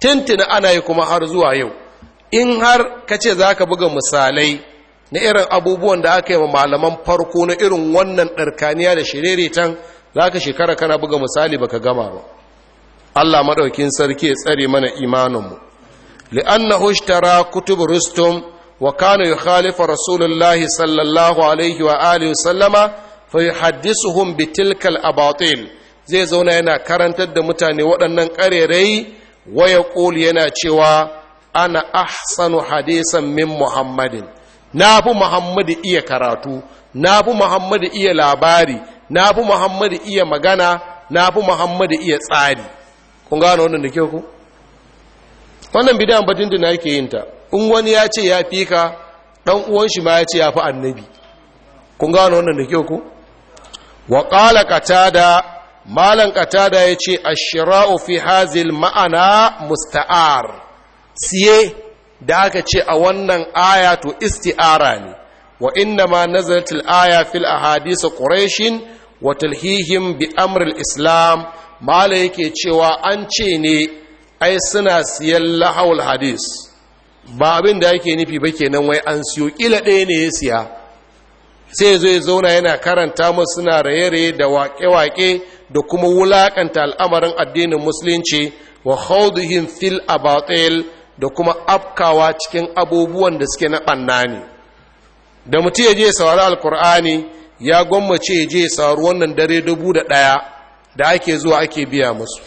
tintina ana yi kuma har zuwa yau in har kace ka buga misalai na irin abubuwan da aka yi wa malaman farko na irin wannan ɗarkaniya da shiriritan za ka shekara kana buga misali baka gama ba allah maɗaukin sarki ya tsare mana imaninmu li'anna hushtara kutub rustum wa kana khalifa rasulullahi sallallahu alaihi wa alihi sallama fa yuhaddisuhum bi tilkal abatil zai zauna yana karantar da mutane waɗannan ƙarerai waya ƙoli yana cewa ana ahsanu hadisan min muhammadin na fi muhammadu iya karatu na fi muhammadu iya labari na fi muhammadu iya magana na fi muhammadu iya tsari kun gano wannan da ke ku wannan bidan batun da yake yin ta in wani ya ce ya fi ka dan uwan shi ma ya ce ya fi annabi kun gano wannan da ke ku wa qala qatada malan qatada yace ashra'u fi hazil ma'ana musta'ar siye da aka ce a wannan aya to isti'ara ne wa inna ma nazaratul aya fil ahadith quraish wa talhihim bi amr islam mala yake cewa an ce ne ai suna siyan lahawul hadis ba abin da yake nufi ba kenan wai an siyo kila ɗaya ne ya siya sai zo ya zauna yana karanta mu suna raye-raye da waƙe-waƙe da kuma wulaƙanta al'amarin addinin musulunci wa khawduhum fil abatil da kuma afkawa cikin abubuwan da suke na ɓanna ne da mutum ya je saurari alkur'ani ya gwammace ya je saurari wannan dare dubu da ɗaya da ake zuwa ake biya musu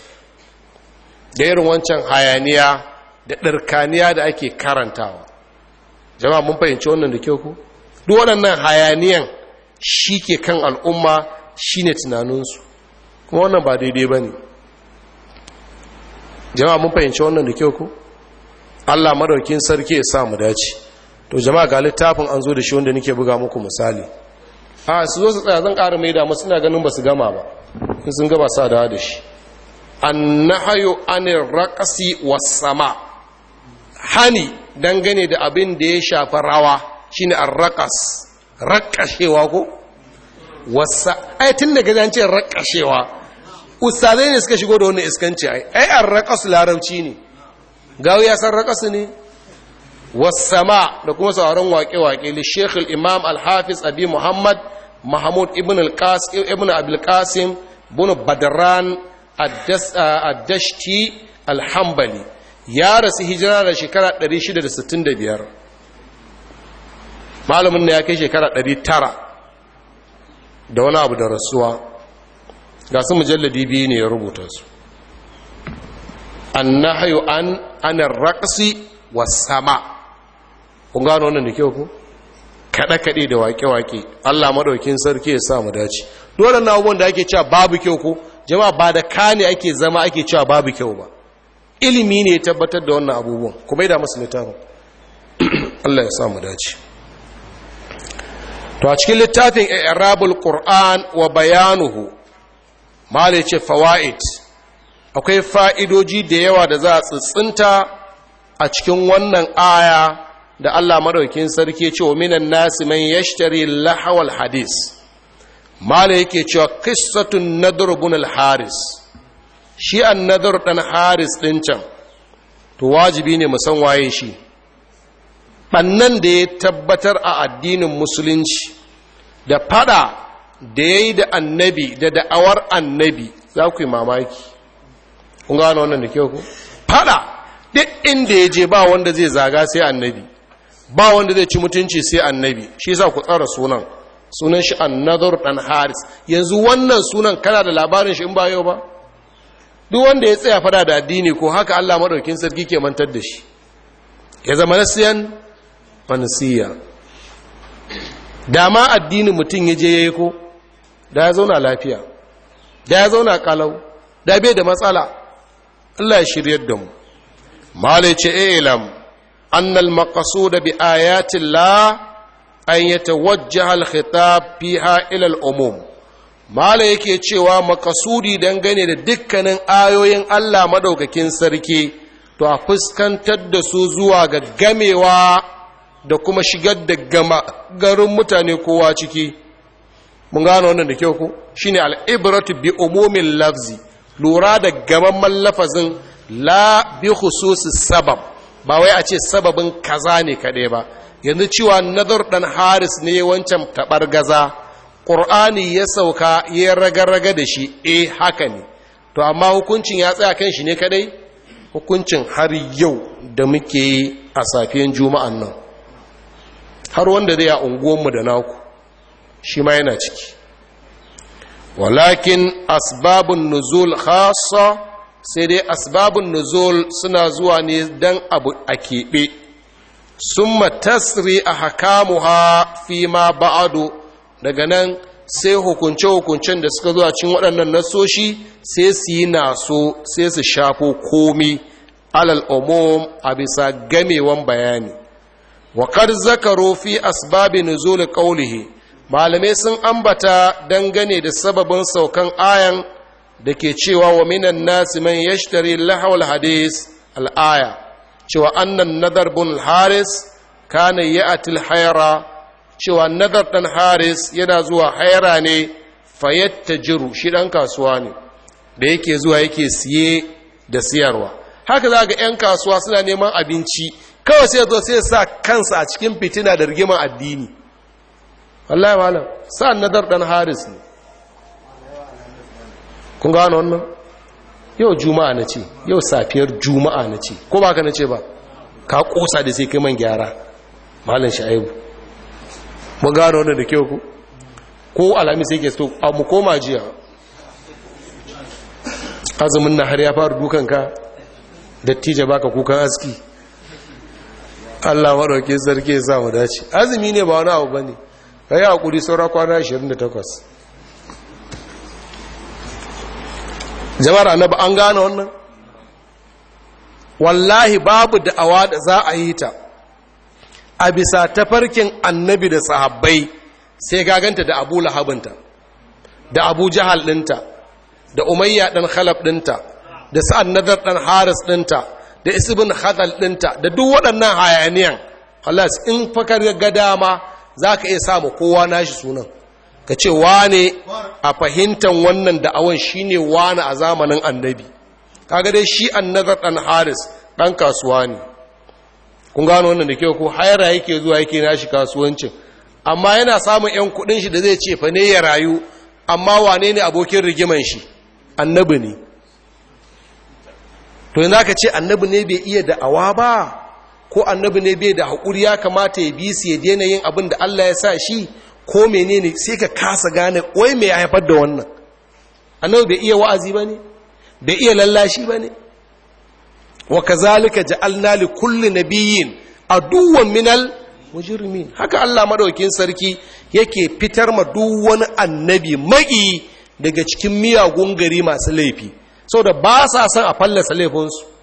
da irin wancan hayaniya da ɗarkaniya da ake karantawa jama'a mun fahimci wannan da kyau ku duk waɗannan hayaniyan shi ke kan al'umma shi ne tunaninsu kuma wannan ba daidai ba ne jama'a mun fahimci wannan da kyau ku Allah madaukin sarki ya sa mu dace to jama'a ga littafin an zo da shi wanda nake buga muku misali a su zo su tsaya zan ƙara mai damu suna ganin ba su gama ba in sun gaba sa da da shi an nahayo anir was-sama hani dangane da abin da ya shafa rawa shine an raƙas ko wasa ai tun daga an ce raqashewa ustazai ne suka shigo da wannan iskanci ai ai an raƙas larabci ne gawo ya san su ne wasama da kuma sauran waƙe-waƙe da sheikh imam al abi muhammad mahmud ibn abilkasim bin badran ad-dashti al ya rasu hijira da shekara 665 malamin na ya kai shekara 900 da wani abu da rasuwa ga su mujalladi biyu ne ya rubuta su annahayu an anar raqsi was sama kun gano wannan da kyau ko kada kade da wake wake Allah madaukin sarki ya sa mu dace dole na abubuwan da ake cewa babu kyau ko jama'a ba da kane ake zama ake cewa babu kyau ba ilimi ne ya tabbatar da wannan abubuwan kuma ida da masu littafin Allah ya sa mu dace to a cikin littafin i'rabul qur'an wa bayanuhu mala ce fawaid akwai fa'idoji da yawa da za a tsintsinta a cikin wannan aya da Allah maraukin sarki cewa minan nasi man yashtari lahawal hadis mala yake cewa kissatun nadar gunar haris shi an nadar ɗan haris ɗin can to wajibi ne musan waye shi ɓannan da ya tabbatar a addinin musulunci da fada da ya yi da annabi da da'awar annabi za ku yi mamaki kun gano wannan da kyau ku fada duk inda ya je ba wanda zai zaga sai annabi ba wanda zai ci mutunci sai annabi shi yasa ku tsara sunan sunan shi annadhar dan haris yanzu wannan sunan kana da labarin shi in ba yau ba duk wanda ya tsaya fada da addini ko haka Allah madaukin sarki ke mantar da shi ya zama nasiyan fansiya dama addini mutum ya je yayi ko da ya zauna lafiya da ya zauna kalau da bai da matsala Allah ya shiryar da mu malai ce eh, ilam annal maqsuda bi ayati la an yatawajjaha al khitab fiha ila al umum malai yake cewa makasudi dangane da dukkanin ayoyin Allah madaukakin sarki to a fuskantar da su zuwa ga gamewa da kuma shigar da gama garin mutane kowa ciki mun gano wannan da kyau ko shine al ibratu bi umumin lafzi lura da gaban lafazin la bi khususi sabab ba wai a ce sababin kaza ne kaɗai ba yanzu cewa nazar ɗan haris ne wancan taɓar gaza ƙur'ani ya sauka ya raga-raga da shi eh haka ne to amma hukuncin ya tsaya kan shi ne kaɗai hukuncin har yau da muke yi a safiyan juma'an nan har wanda zai a unguwanmu da naku shi ma yana ciki walakin asbabun nuzul khassa sai dai asbabun nuzul suna zuwa ne dan abu a keɓe summa tasri a hakamuha fi ma ba'adu daga nan sai hukunce-hukuncen da suka zuwa cin waɗannan nasoshi sai su yi naso sai su shafo komi alal umum a bisa gamewan bayani wa zakaro fi asbabi nuzul qawlihi malamai sun ambata dangane da sababin saukan ayan da ke cewa wa minan nasi man yashtari lahawal hadis al'aya cewa annan nadar bin haris kana a tilhaira, cewa nazar dan haris yana zuwa hayara ne jiru, shi dan kasuwa ne da yake zuwa yake siye da siyarwa haka za ga 'yan kasuwa suna neman abinci kawai sai zo sai sa kansa a cikin fitina da rigimar addini wallahi malam sa'an nadar dan haris ne kun gano wannan yau juma'a na ce yau safiyar juma'a na ce ko ba ka na ce ba ka kosa da sai kai man gyara malin sha'ibu mun gano wannan da kyau ku ko sai ke so a mu koma jiya azumin na har ya fara dukanka dattija baka kukan aski Allah marauke sarki ya samu dace azumi ne ba wani abu ba ne. ka yi haƙuri saura kwana 28 jama'ar ba an gane wannan wallahi babu da'awa da za a yi ta a bisa tafarkin annabi da sahabbai sai gaganta da abu lahabinta da abu jihal ɗinta da umayya ɗan khalaf ɗinta da sa'ad nazar ɗan haris ɗinta da isibin hadal ɗinta da duk waɗannan hayaniyan halas in fakar ga dama za ka iya samu kowa nashi sunan ka ce wane a fahimtar wannan da'awan shine wane a zamanin annabi kaga dai shi nazar ɗan haris ɗan kasuwa ne kun gano wannan da kyau ko hayara yake zuwa yake nashi kasuwancin amma yana samun yan kudin shi da zai ce fa ne ya rayu amma wane ne abokin rigiman shi annabi ne to yanzu ka ce annabi ne bai iya da'awa ba ko annabi ne bai da haƙuri ya kamata ya bi su ya daina yin abin da Allah ya sa shi ko menene sai ka kasa gane wai mai ya haifar da wannan annabi bai iya wa'azi ba ne bai iya lallashi ba ne wa kazalika ja'alna li kulli nabiyyin aduwwan minal mujrimin haka Allah maɗaukin sarki yake fitar ma duk wani annabi maƙi daga cikin miyagun gari masu laifi saboda ba sa son a fallasa laifinsu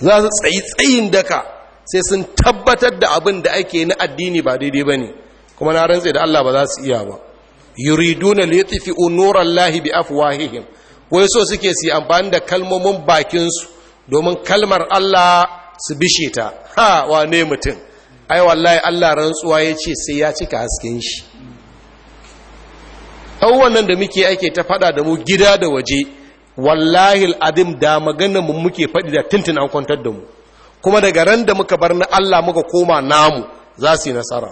za su tsayi tsayin daka sai sun tabbatar da abin da ake na addini ba daidai ba ne kuma na rantse da Allah ba za su iya ba yuriduna liyatfi'u lahi bi afwahihim wai so suke su amfani da kalmomin bakinsu domin kalmar Allah su bishe ta ha wane mutum ai wallahi Allah rantsuwa ya ce sai ya cika hasken shi abubuwan da muke ake ta fada da mu gida da waje wallahi al'adim da maganar mu muke faɗi da tintin an kwantar da mu kuma daga ran da muka bar na Allah muka koma namu za su yi nasara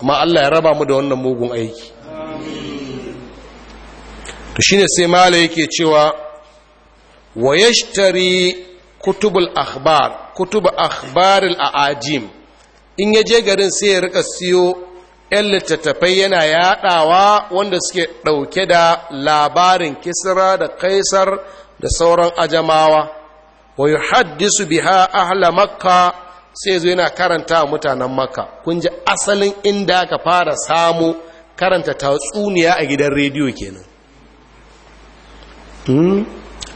amma Allah ya raba mu da wannan mugun aiki to shine sai mala yake cewa wa yashtari kutubul akhbar kutubul akhbaril aajim in yaje garin sai ya rika siyo 'yan littattafai yana yaɗawa wanda suke ɗauke da labarin kisra da kaisar da sauran ajamawa wa yi haddisu biha ahla makka sai zo yana karanta mutanen makka kun ji asalin inda aka fara samu karanta tatsuniya a gidan rediyo kenan hmm,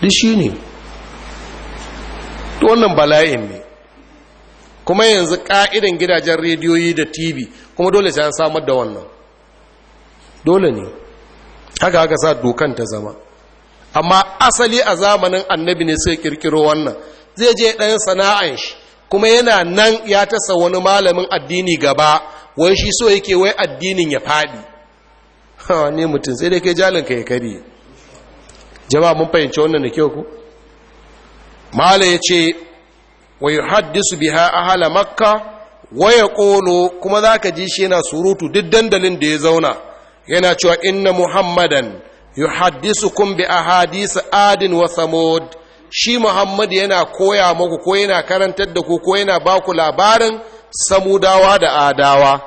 duk shi ne wannan bala'in ne kuma yanzu ka'idan gidajen rediyoyi da tv kuma dole sai an samar da wannan dole ne haka haka sa dokan ta zama amma asali a zamanin annabi ne sai kirkiro wannan zai je ɗan sana'an shi kuma yana nan ya tasa wani malamin addini gaba wai shi so yake wai addinin ya faɗi hawa ne mutum sai dai kai jalinka ya kari jama'a mun fahimci wannan da kyau ku mala ya ce wai haddisu biha ahala makka waya ƙolo kuma za ka ji shi yana surutu duk dandalin da ya zauna yana cewa inna muhammadan yuhaddisukum bi ahadisi adin wa samud shi muhammad yana koya maku ko yana karantar da ku ko yana ba ku labarin samudawa da adawa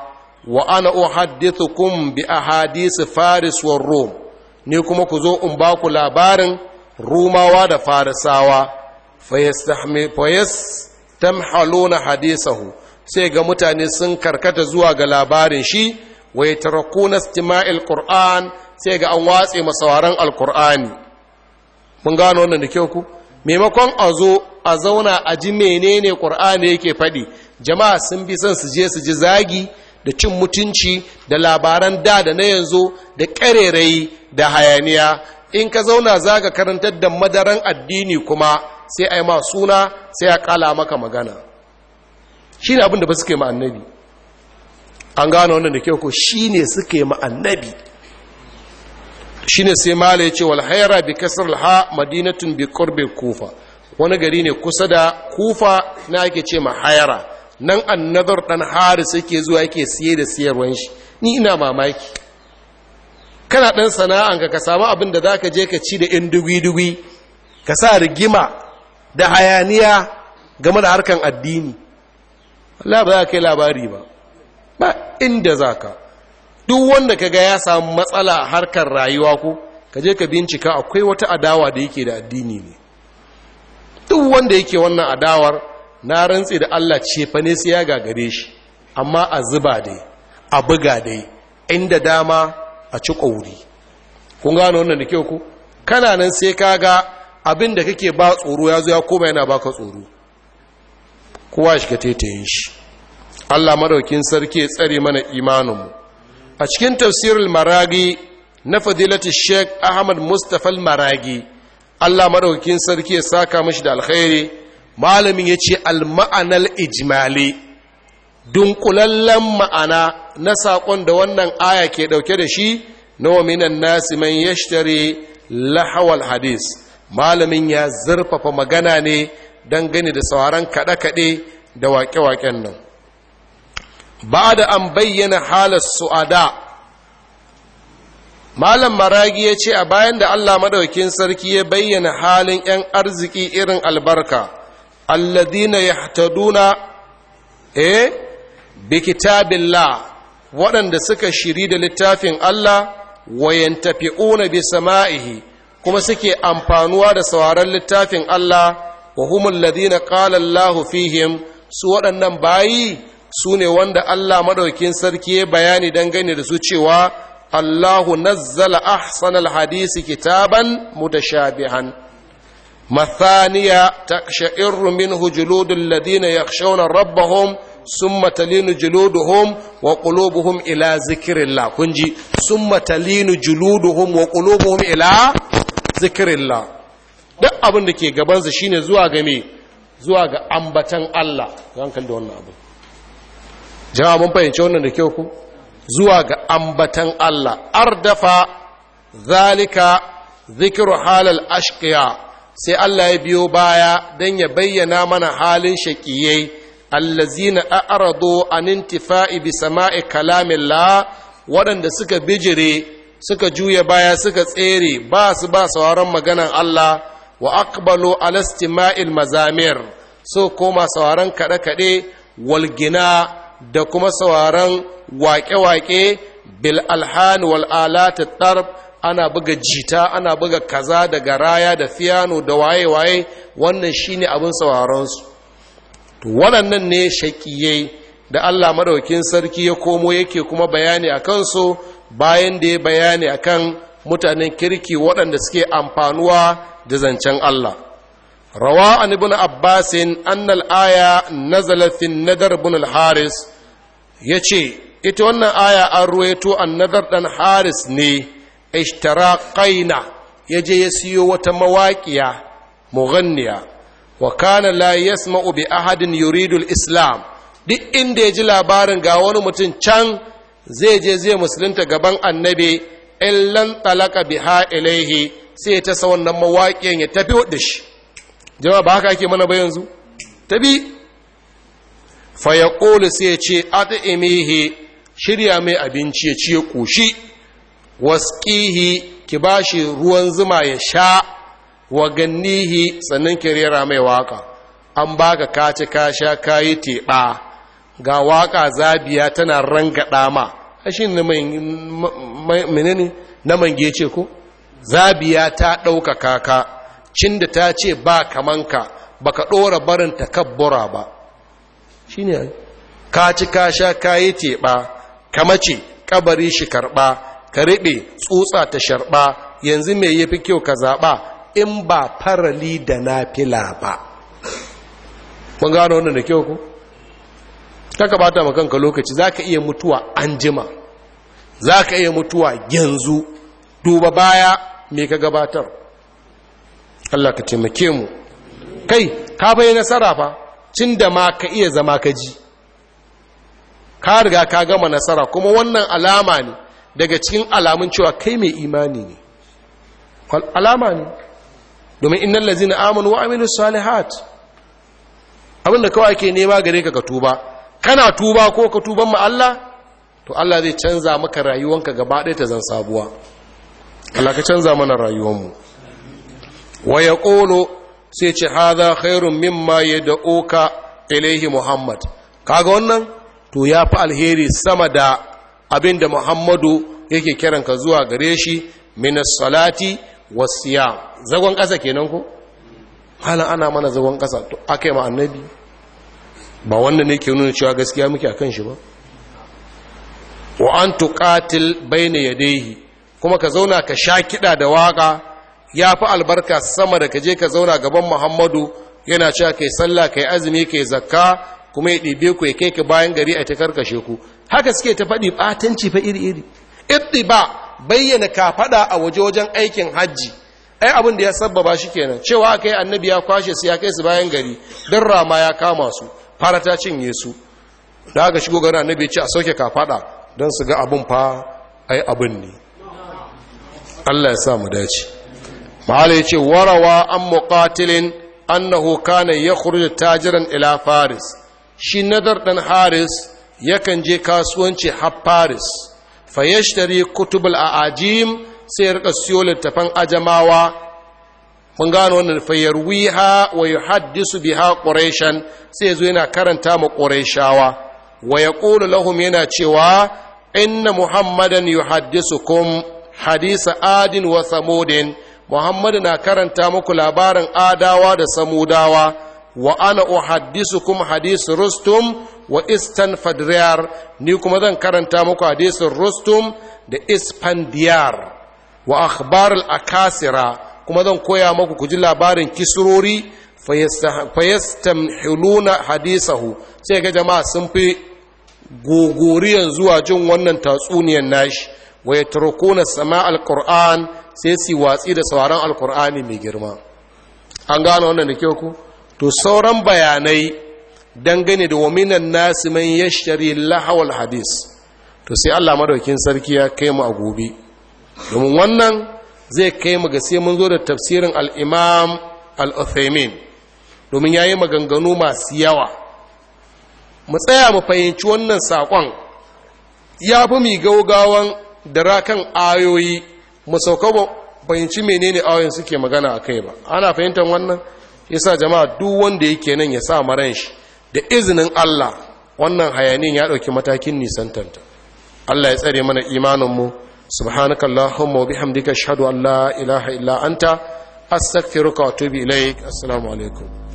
wa ana uhaddithukum bi ahadisi faris wa rum ni kuma ku zo in ba ku labarin rumawa da farisawa fayastamhaluna hadisahu sai ga mutane sun karkata zuwa ga labarin shi wai taraku na stima'il ƙur'an sai ga an watse masawaran alƙur'ani mun gano wannan da kyau ku maimakon a zo a zauna a ji menene ƙur'ani yake faɗi jama'a sun bi son su je su ji zagi da cin mutunci da labaran da da na yanzu da ƙarerayi da hayaniya in ka zauna za ka karantar da madaran addini kuma sai a yi ma suna sai a ƙala maka magana shi ne abinda ba suke ma'annabi an gano wanda da kyau ko shi ne suke yi ma'annabi shi ne sai mala ya ce walhaira bi kasar ha madinatun bi korbe kufa wani gari ne kusa da kufa na ake ce ma hayara nan nazar dan haris yake zuwa yake siye da siyarwan shi ni ina mamaki kana ɗan sana'anka ka samu abin da za ka je ka ci da 'yan dugwi-dugwi ka sa rigima da hayaniya game da harkan addini Allah ba za labari ba ba inda za ka duk wanda ka ga ya samu matsala a harkar rayuwa ko ka je ka bincika akwai wata adawa da yake da addini ne duk wanda yake wannan adawar na rantse da Allah ce fa ne sai ya gagare shi amma a zuba dai a buga dai inda dama a ci ƙauri kun gano wannan da kyau ku kana nan sai ka ga abin da kake ba tsoro ya zo ya koma yana baka tsoro kowa shiga yin shi Allah madaukin sarki ya tsare mana imaninmu a cikin tafsirul maragi na fadilati Sheikh Ahmad Mustafa maragi Allah madaukin sarki ya saka mashi da alkhairi malamin yace al-ma'anal ijmali dunkulallen ma'ana na sakon da wannan aya ke dauke da shi na wa minan nasi man yashtari lahawal hadis malamin ya zurfafa magana ne Don gani da sauran kaɗe-kaɗe da waƙe-waƙen nan ba da an bayyana halar su'ada malam maragi ya ce a bayan da allah Maɗaukin sarki ya bayyana halin 'yan arziki irin albarka alladina yahtaduna eh bi kitabillah waɗanda suka shiri da littafin allah wayantafi'una bi sama'ihi kuma suke amfanuwa da sauraron littafin allah wa humul ladina qala Allahu fihim su waɗannan bayi su ne wanda Allah maɗaukin sarki ya bayani dangane da su cewa Allahu nazzala ahsanal hadisi kitaban mutashabihan مثانية تقشعر منه جلود الذين يخشون ربهم ثم تلين جلودهم وقلوبهم إلى ذكر الله كنجي ثم تلين جلودهم وقلوبهم إلى ذكر الله duk abin da ke gabansa shine zuwa ga me zuwa ga ambatan Allah zan kalli wannan abu jama'a mun fahimci wannan da kyau ku zuwa ga ambatan Allah ardafa zalika zikru halal ashqiya sai Allah ya biyo baya dan ya bayyana mana halin shaqiyai allazina a'radu an intifa'i bi sama'i kalamillah waɗanda suka bijire suka juya baya suka tsere ba su ba sauraron maganan Allah wa aqbalu ala istima'il mazamir so koma sauraron kaɗe-kaɗe walgina da kuma sauraron waƙe-waƙe bil alhan wal alat tarb ana buga jita ana buga kaza da garaya da fiyano da waye-waye wannan shine abin sauraron su to waɗannan ne shakiyai da Allah madaukin sarki ya komo yake kuma bayani a kansu bayan da ya bayani akan mutanen kirki waɗanda suke amfanuwa da zancen Allah rawa an ibn Abbas an al-aya nazala fi nadar ibn al-Haris yace ita wannan aya an ruwaito an nadar dan Haris ne ishtara ya yaje ya siyo wata mawaƙiya mughanniya wa kana la yasma'u bi ahadin yuridul islam duk inda ya ji labarin ga wani mutum can zai je zai musulunta gaban annabi illan talaka biha ilaihi sai ya tasa wannan mawaƙiyan ya tafi da shi jama'a ba haka ake mana ba yanzu tabi fa ya ƙoli sai ya ce at'imihi shirya mai abinci ya ci ya ƙoshi wasƙihi ki ba shi ruwan zuma ya sha wa gannihi sannan ki rera mai waka an baka kaci ka sha kayi teɓa ga waka zabiya tana ranga ɗama ashin na mai na mange ce ko zabiya ta ɗaukaka ka cinda ta ce ba kamanka baka ɗora barin takabbura ba Shi ne ka ci ka sha ka yi teɓa ka mace kabari shi karɓa ka riɓe tsutsa ta sharɓa yanzu mai ya fi kyau ka zaɓa in ba farali da na fila ba mun gano wannan da kyau ku kaka bata ma kanka lokaci za ka iya mutuwa an jima za ka iya mutuwa yanzu duba baya me ka gabatar Allah ka taimake mu kai ka bai nasara fa cin ma ka iya zama ka ji ka riga ka gama nasara kuma wannan alama ne daga cikin alamun cewa kai mai imani ne alama ne domin innal ladzina amanu wa amilus salihat abinda kawai ake nema gare ka ka tuba kana tuba ko ka tuban ma Allah to Allah zai canza maka rayuwanka gaba ɗaya ta zan sabuwa Allah ka canza mana rayuwarmu wa ya ƙolo sai ce haza khairun mimma ya oka ilaihi muhammad kaga wannan to ya fi alheri sama da abin da muhammadu yake kiranka zuwa gare shi minas salati wasiya zagon ƙasa kenan ko hala ana mana zagon ƙasa to aka yi ma annabi ba wannan ne ke nuna cewa gaskiya muke a kan shi ba wa an tuƙatil bai na yadaihi kuma ka zauna ka sha kiɗa da waƙa ya fi albarka sama da ka je ka zauna gaban muhammadu yana cewa kai sallah kai azumi kai zakka kuma ya ɗibe ku ya kai ka bayan gari a ta karkashe ku haka suke ta faɗi ɓatanci fa iri iri ba bayyana ka faɗa a waje wajen aikin hajji ai abin da ya sabbaba shi kenan cewa aka yi annabi ya kwashe su ya kai su bayan gari don rama ya kama su fara ta cinye su da aka shigo gari annabi ya ce a sauke ka faɗa don su ga abin fa ai abin ne Allah ya sa mu dace mahala ya ce warawa an muqatilin annahu kana yakhruju tajiran ila faris shi nadar dan haris yakan je kasuwanci har faris fa yashtari kutubul aajim sai rika siyo littafan ajamawa mun gano wannan fayarwiha wa yuhaddisu biha quraishan sai yazo yana karanta ma quraishawa wa yaqulu lahum yana cewa inna muhammadan yuhaddisukum hadisa adin wa samudin muhammadu na karanta muku labarin adawa da samudawa wa ana uhaddisukum hadisu rustum wa fadriyar ni kuma zan karanta muku hadisin rustum da ispandiyar wa akhbar akasira kuma zan koya muku ku ji labarin kisrori hiluna hadisahu sai ga jama'a sun fi gogoriyan zuwa jin wannan tatsuniyan nashi waya yatrukuna sama alkur'an sai su watsi da sauran alkur'ani mai girma an gano wannan da kyau ku to sauran bayanai dangane da waminan nasi man shari lahawar hadis to sai Allah madaukin sarki ya kai mu a gobe domin wannan zai kai mu ga sai mun zo da tafsirin al'imam imam domin ya yi maganganu masu yawa mu tsaya mu fahimci wannan saƙon ya fi mai gaugawan da rakan ayoyi musauka ba fahimci menene ayoyin suke magana a kai ba ana fahimtar wannan yasa jama'a duk wanda yake nan ya sa maran shi da izinin Allah wannan hayanin ya dauki matakin nisantanta Allah ya tsare mana imaninmu subhanakallahumma wa bihamdika ashhadu an la ilaha illa anta astaghfiruka wa atubu ilaik assalamu alaikum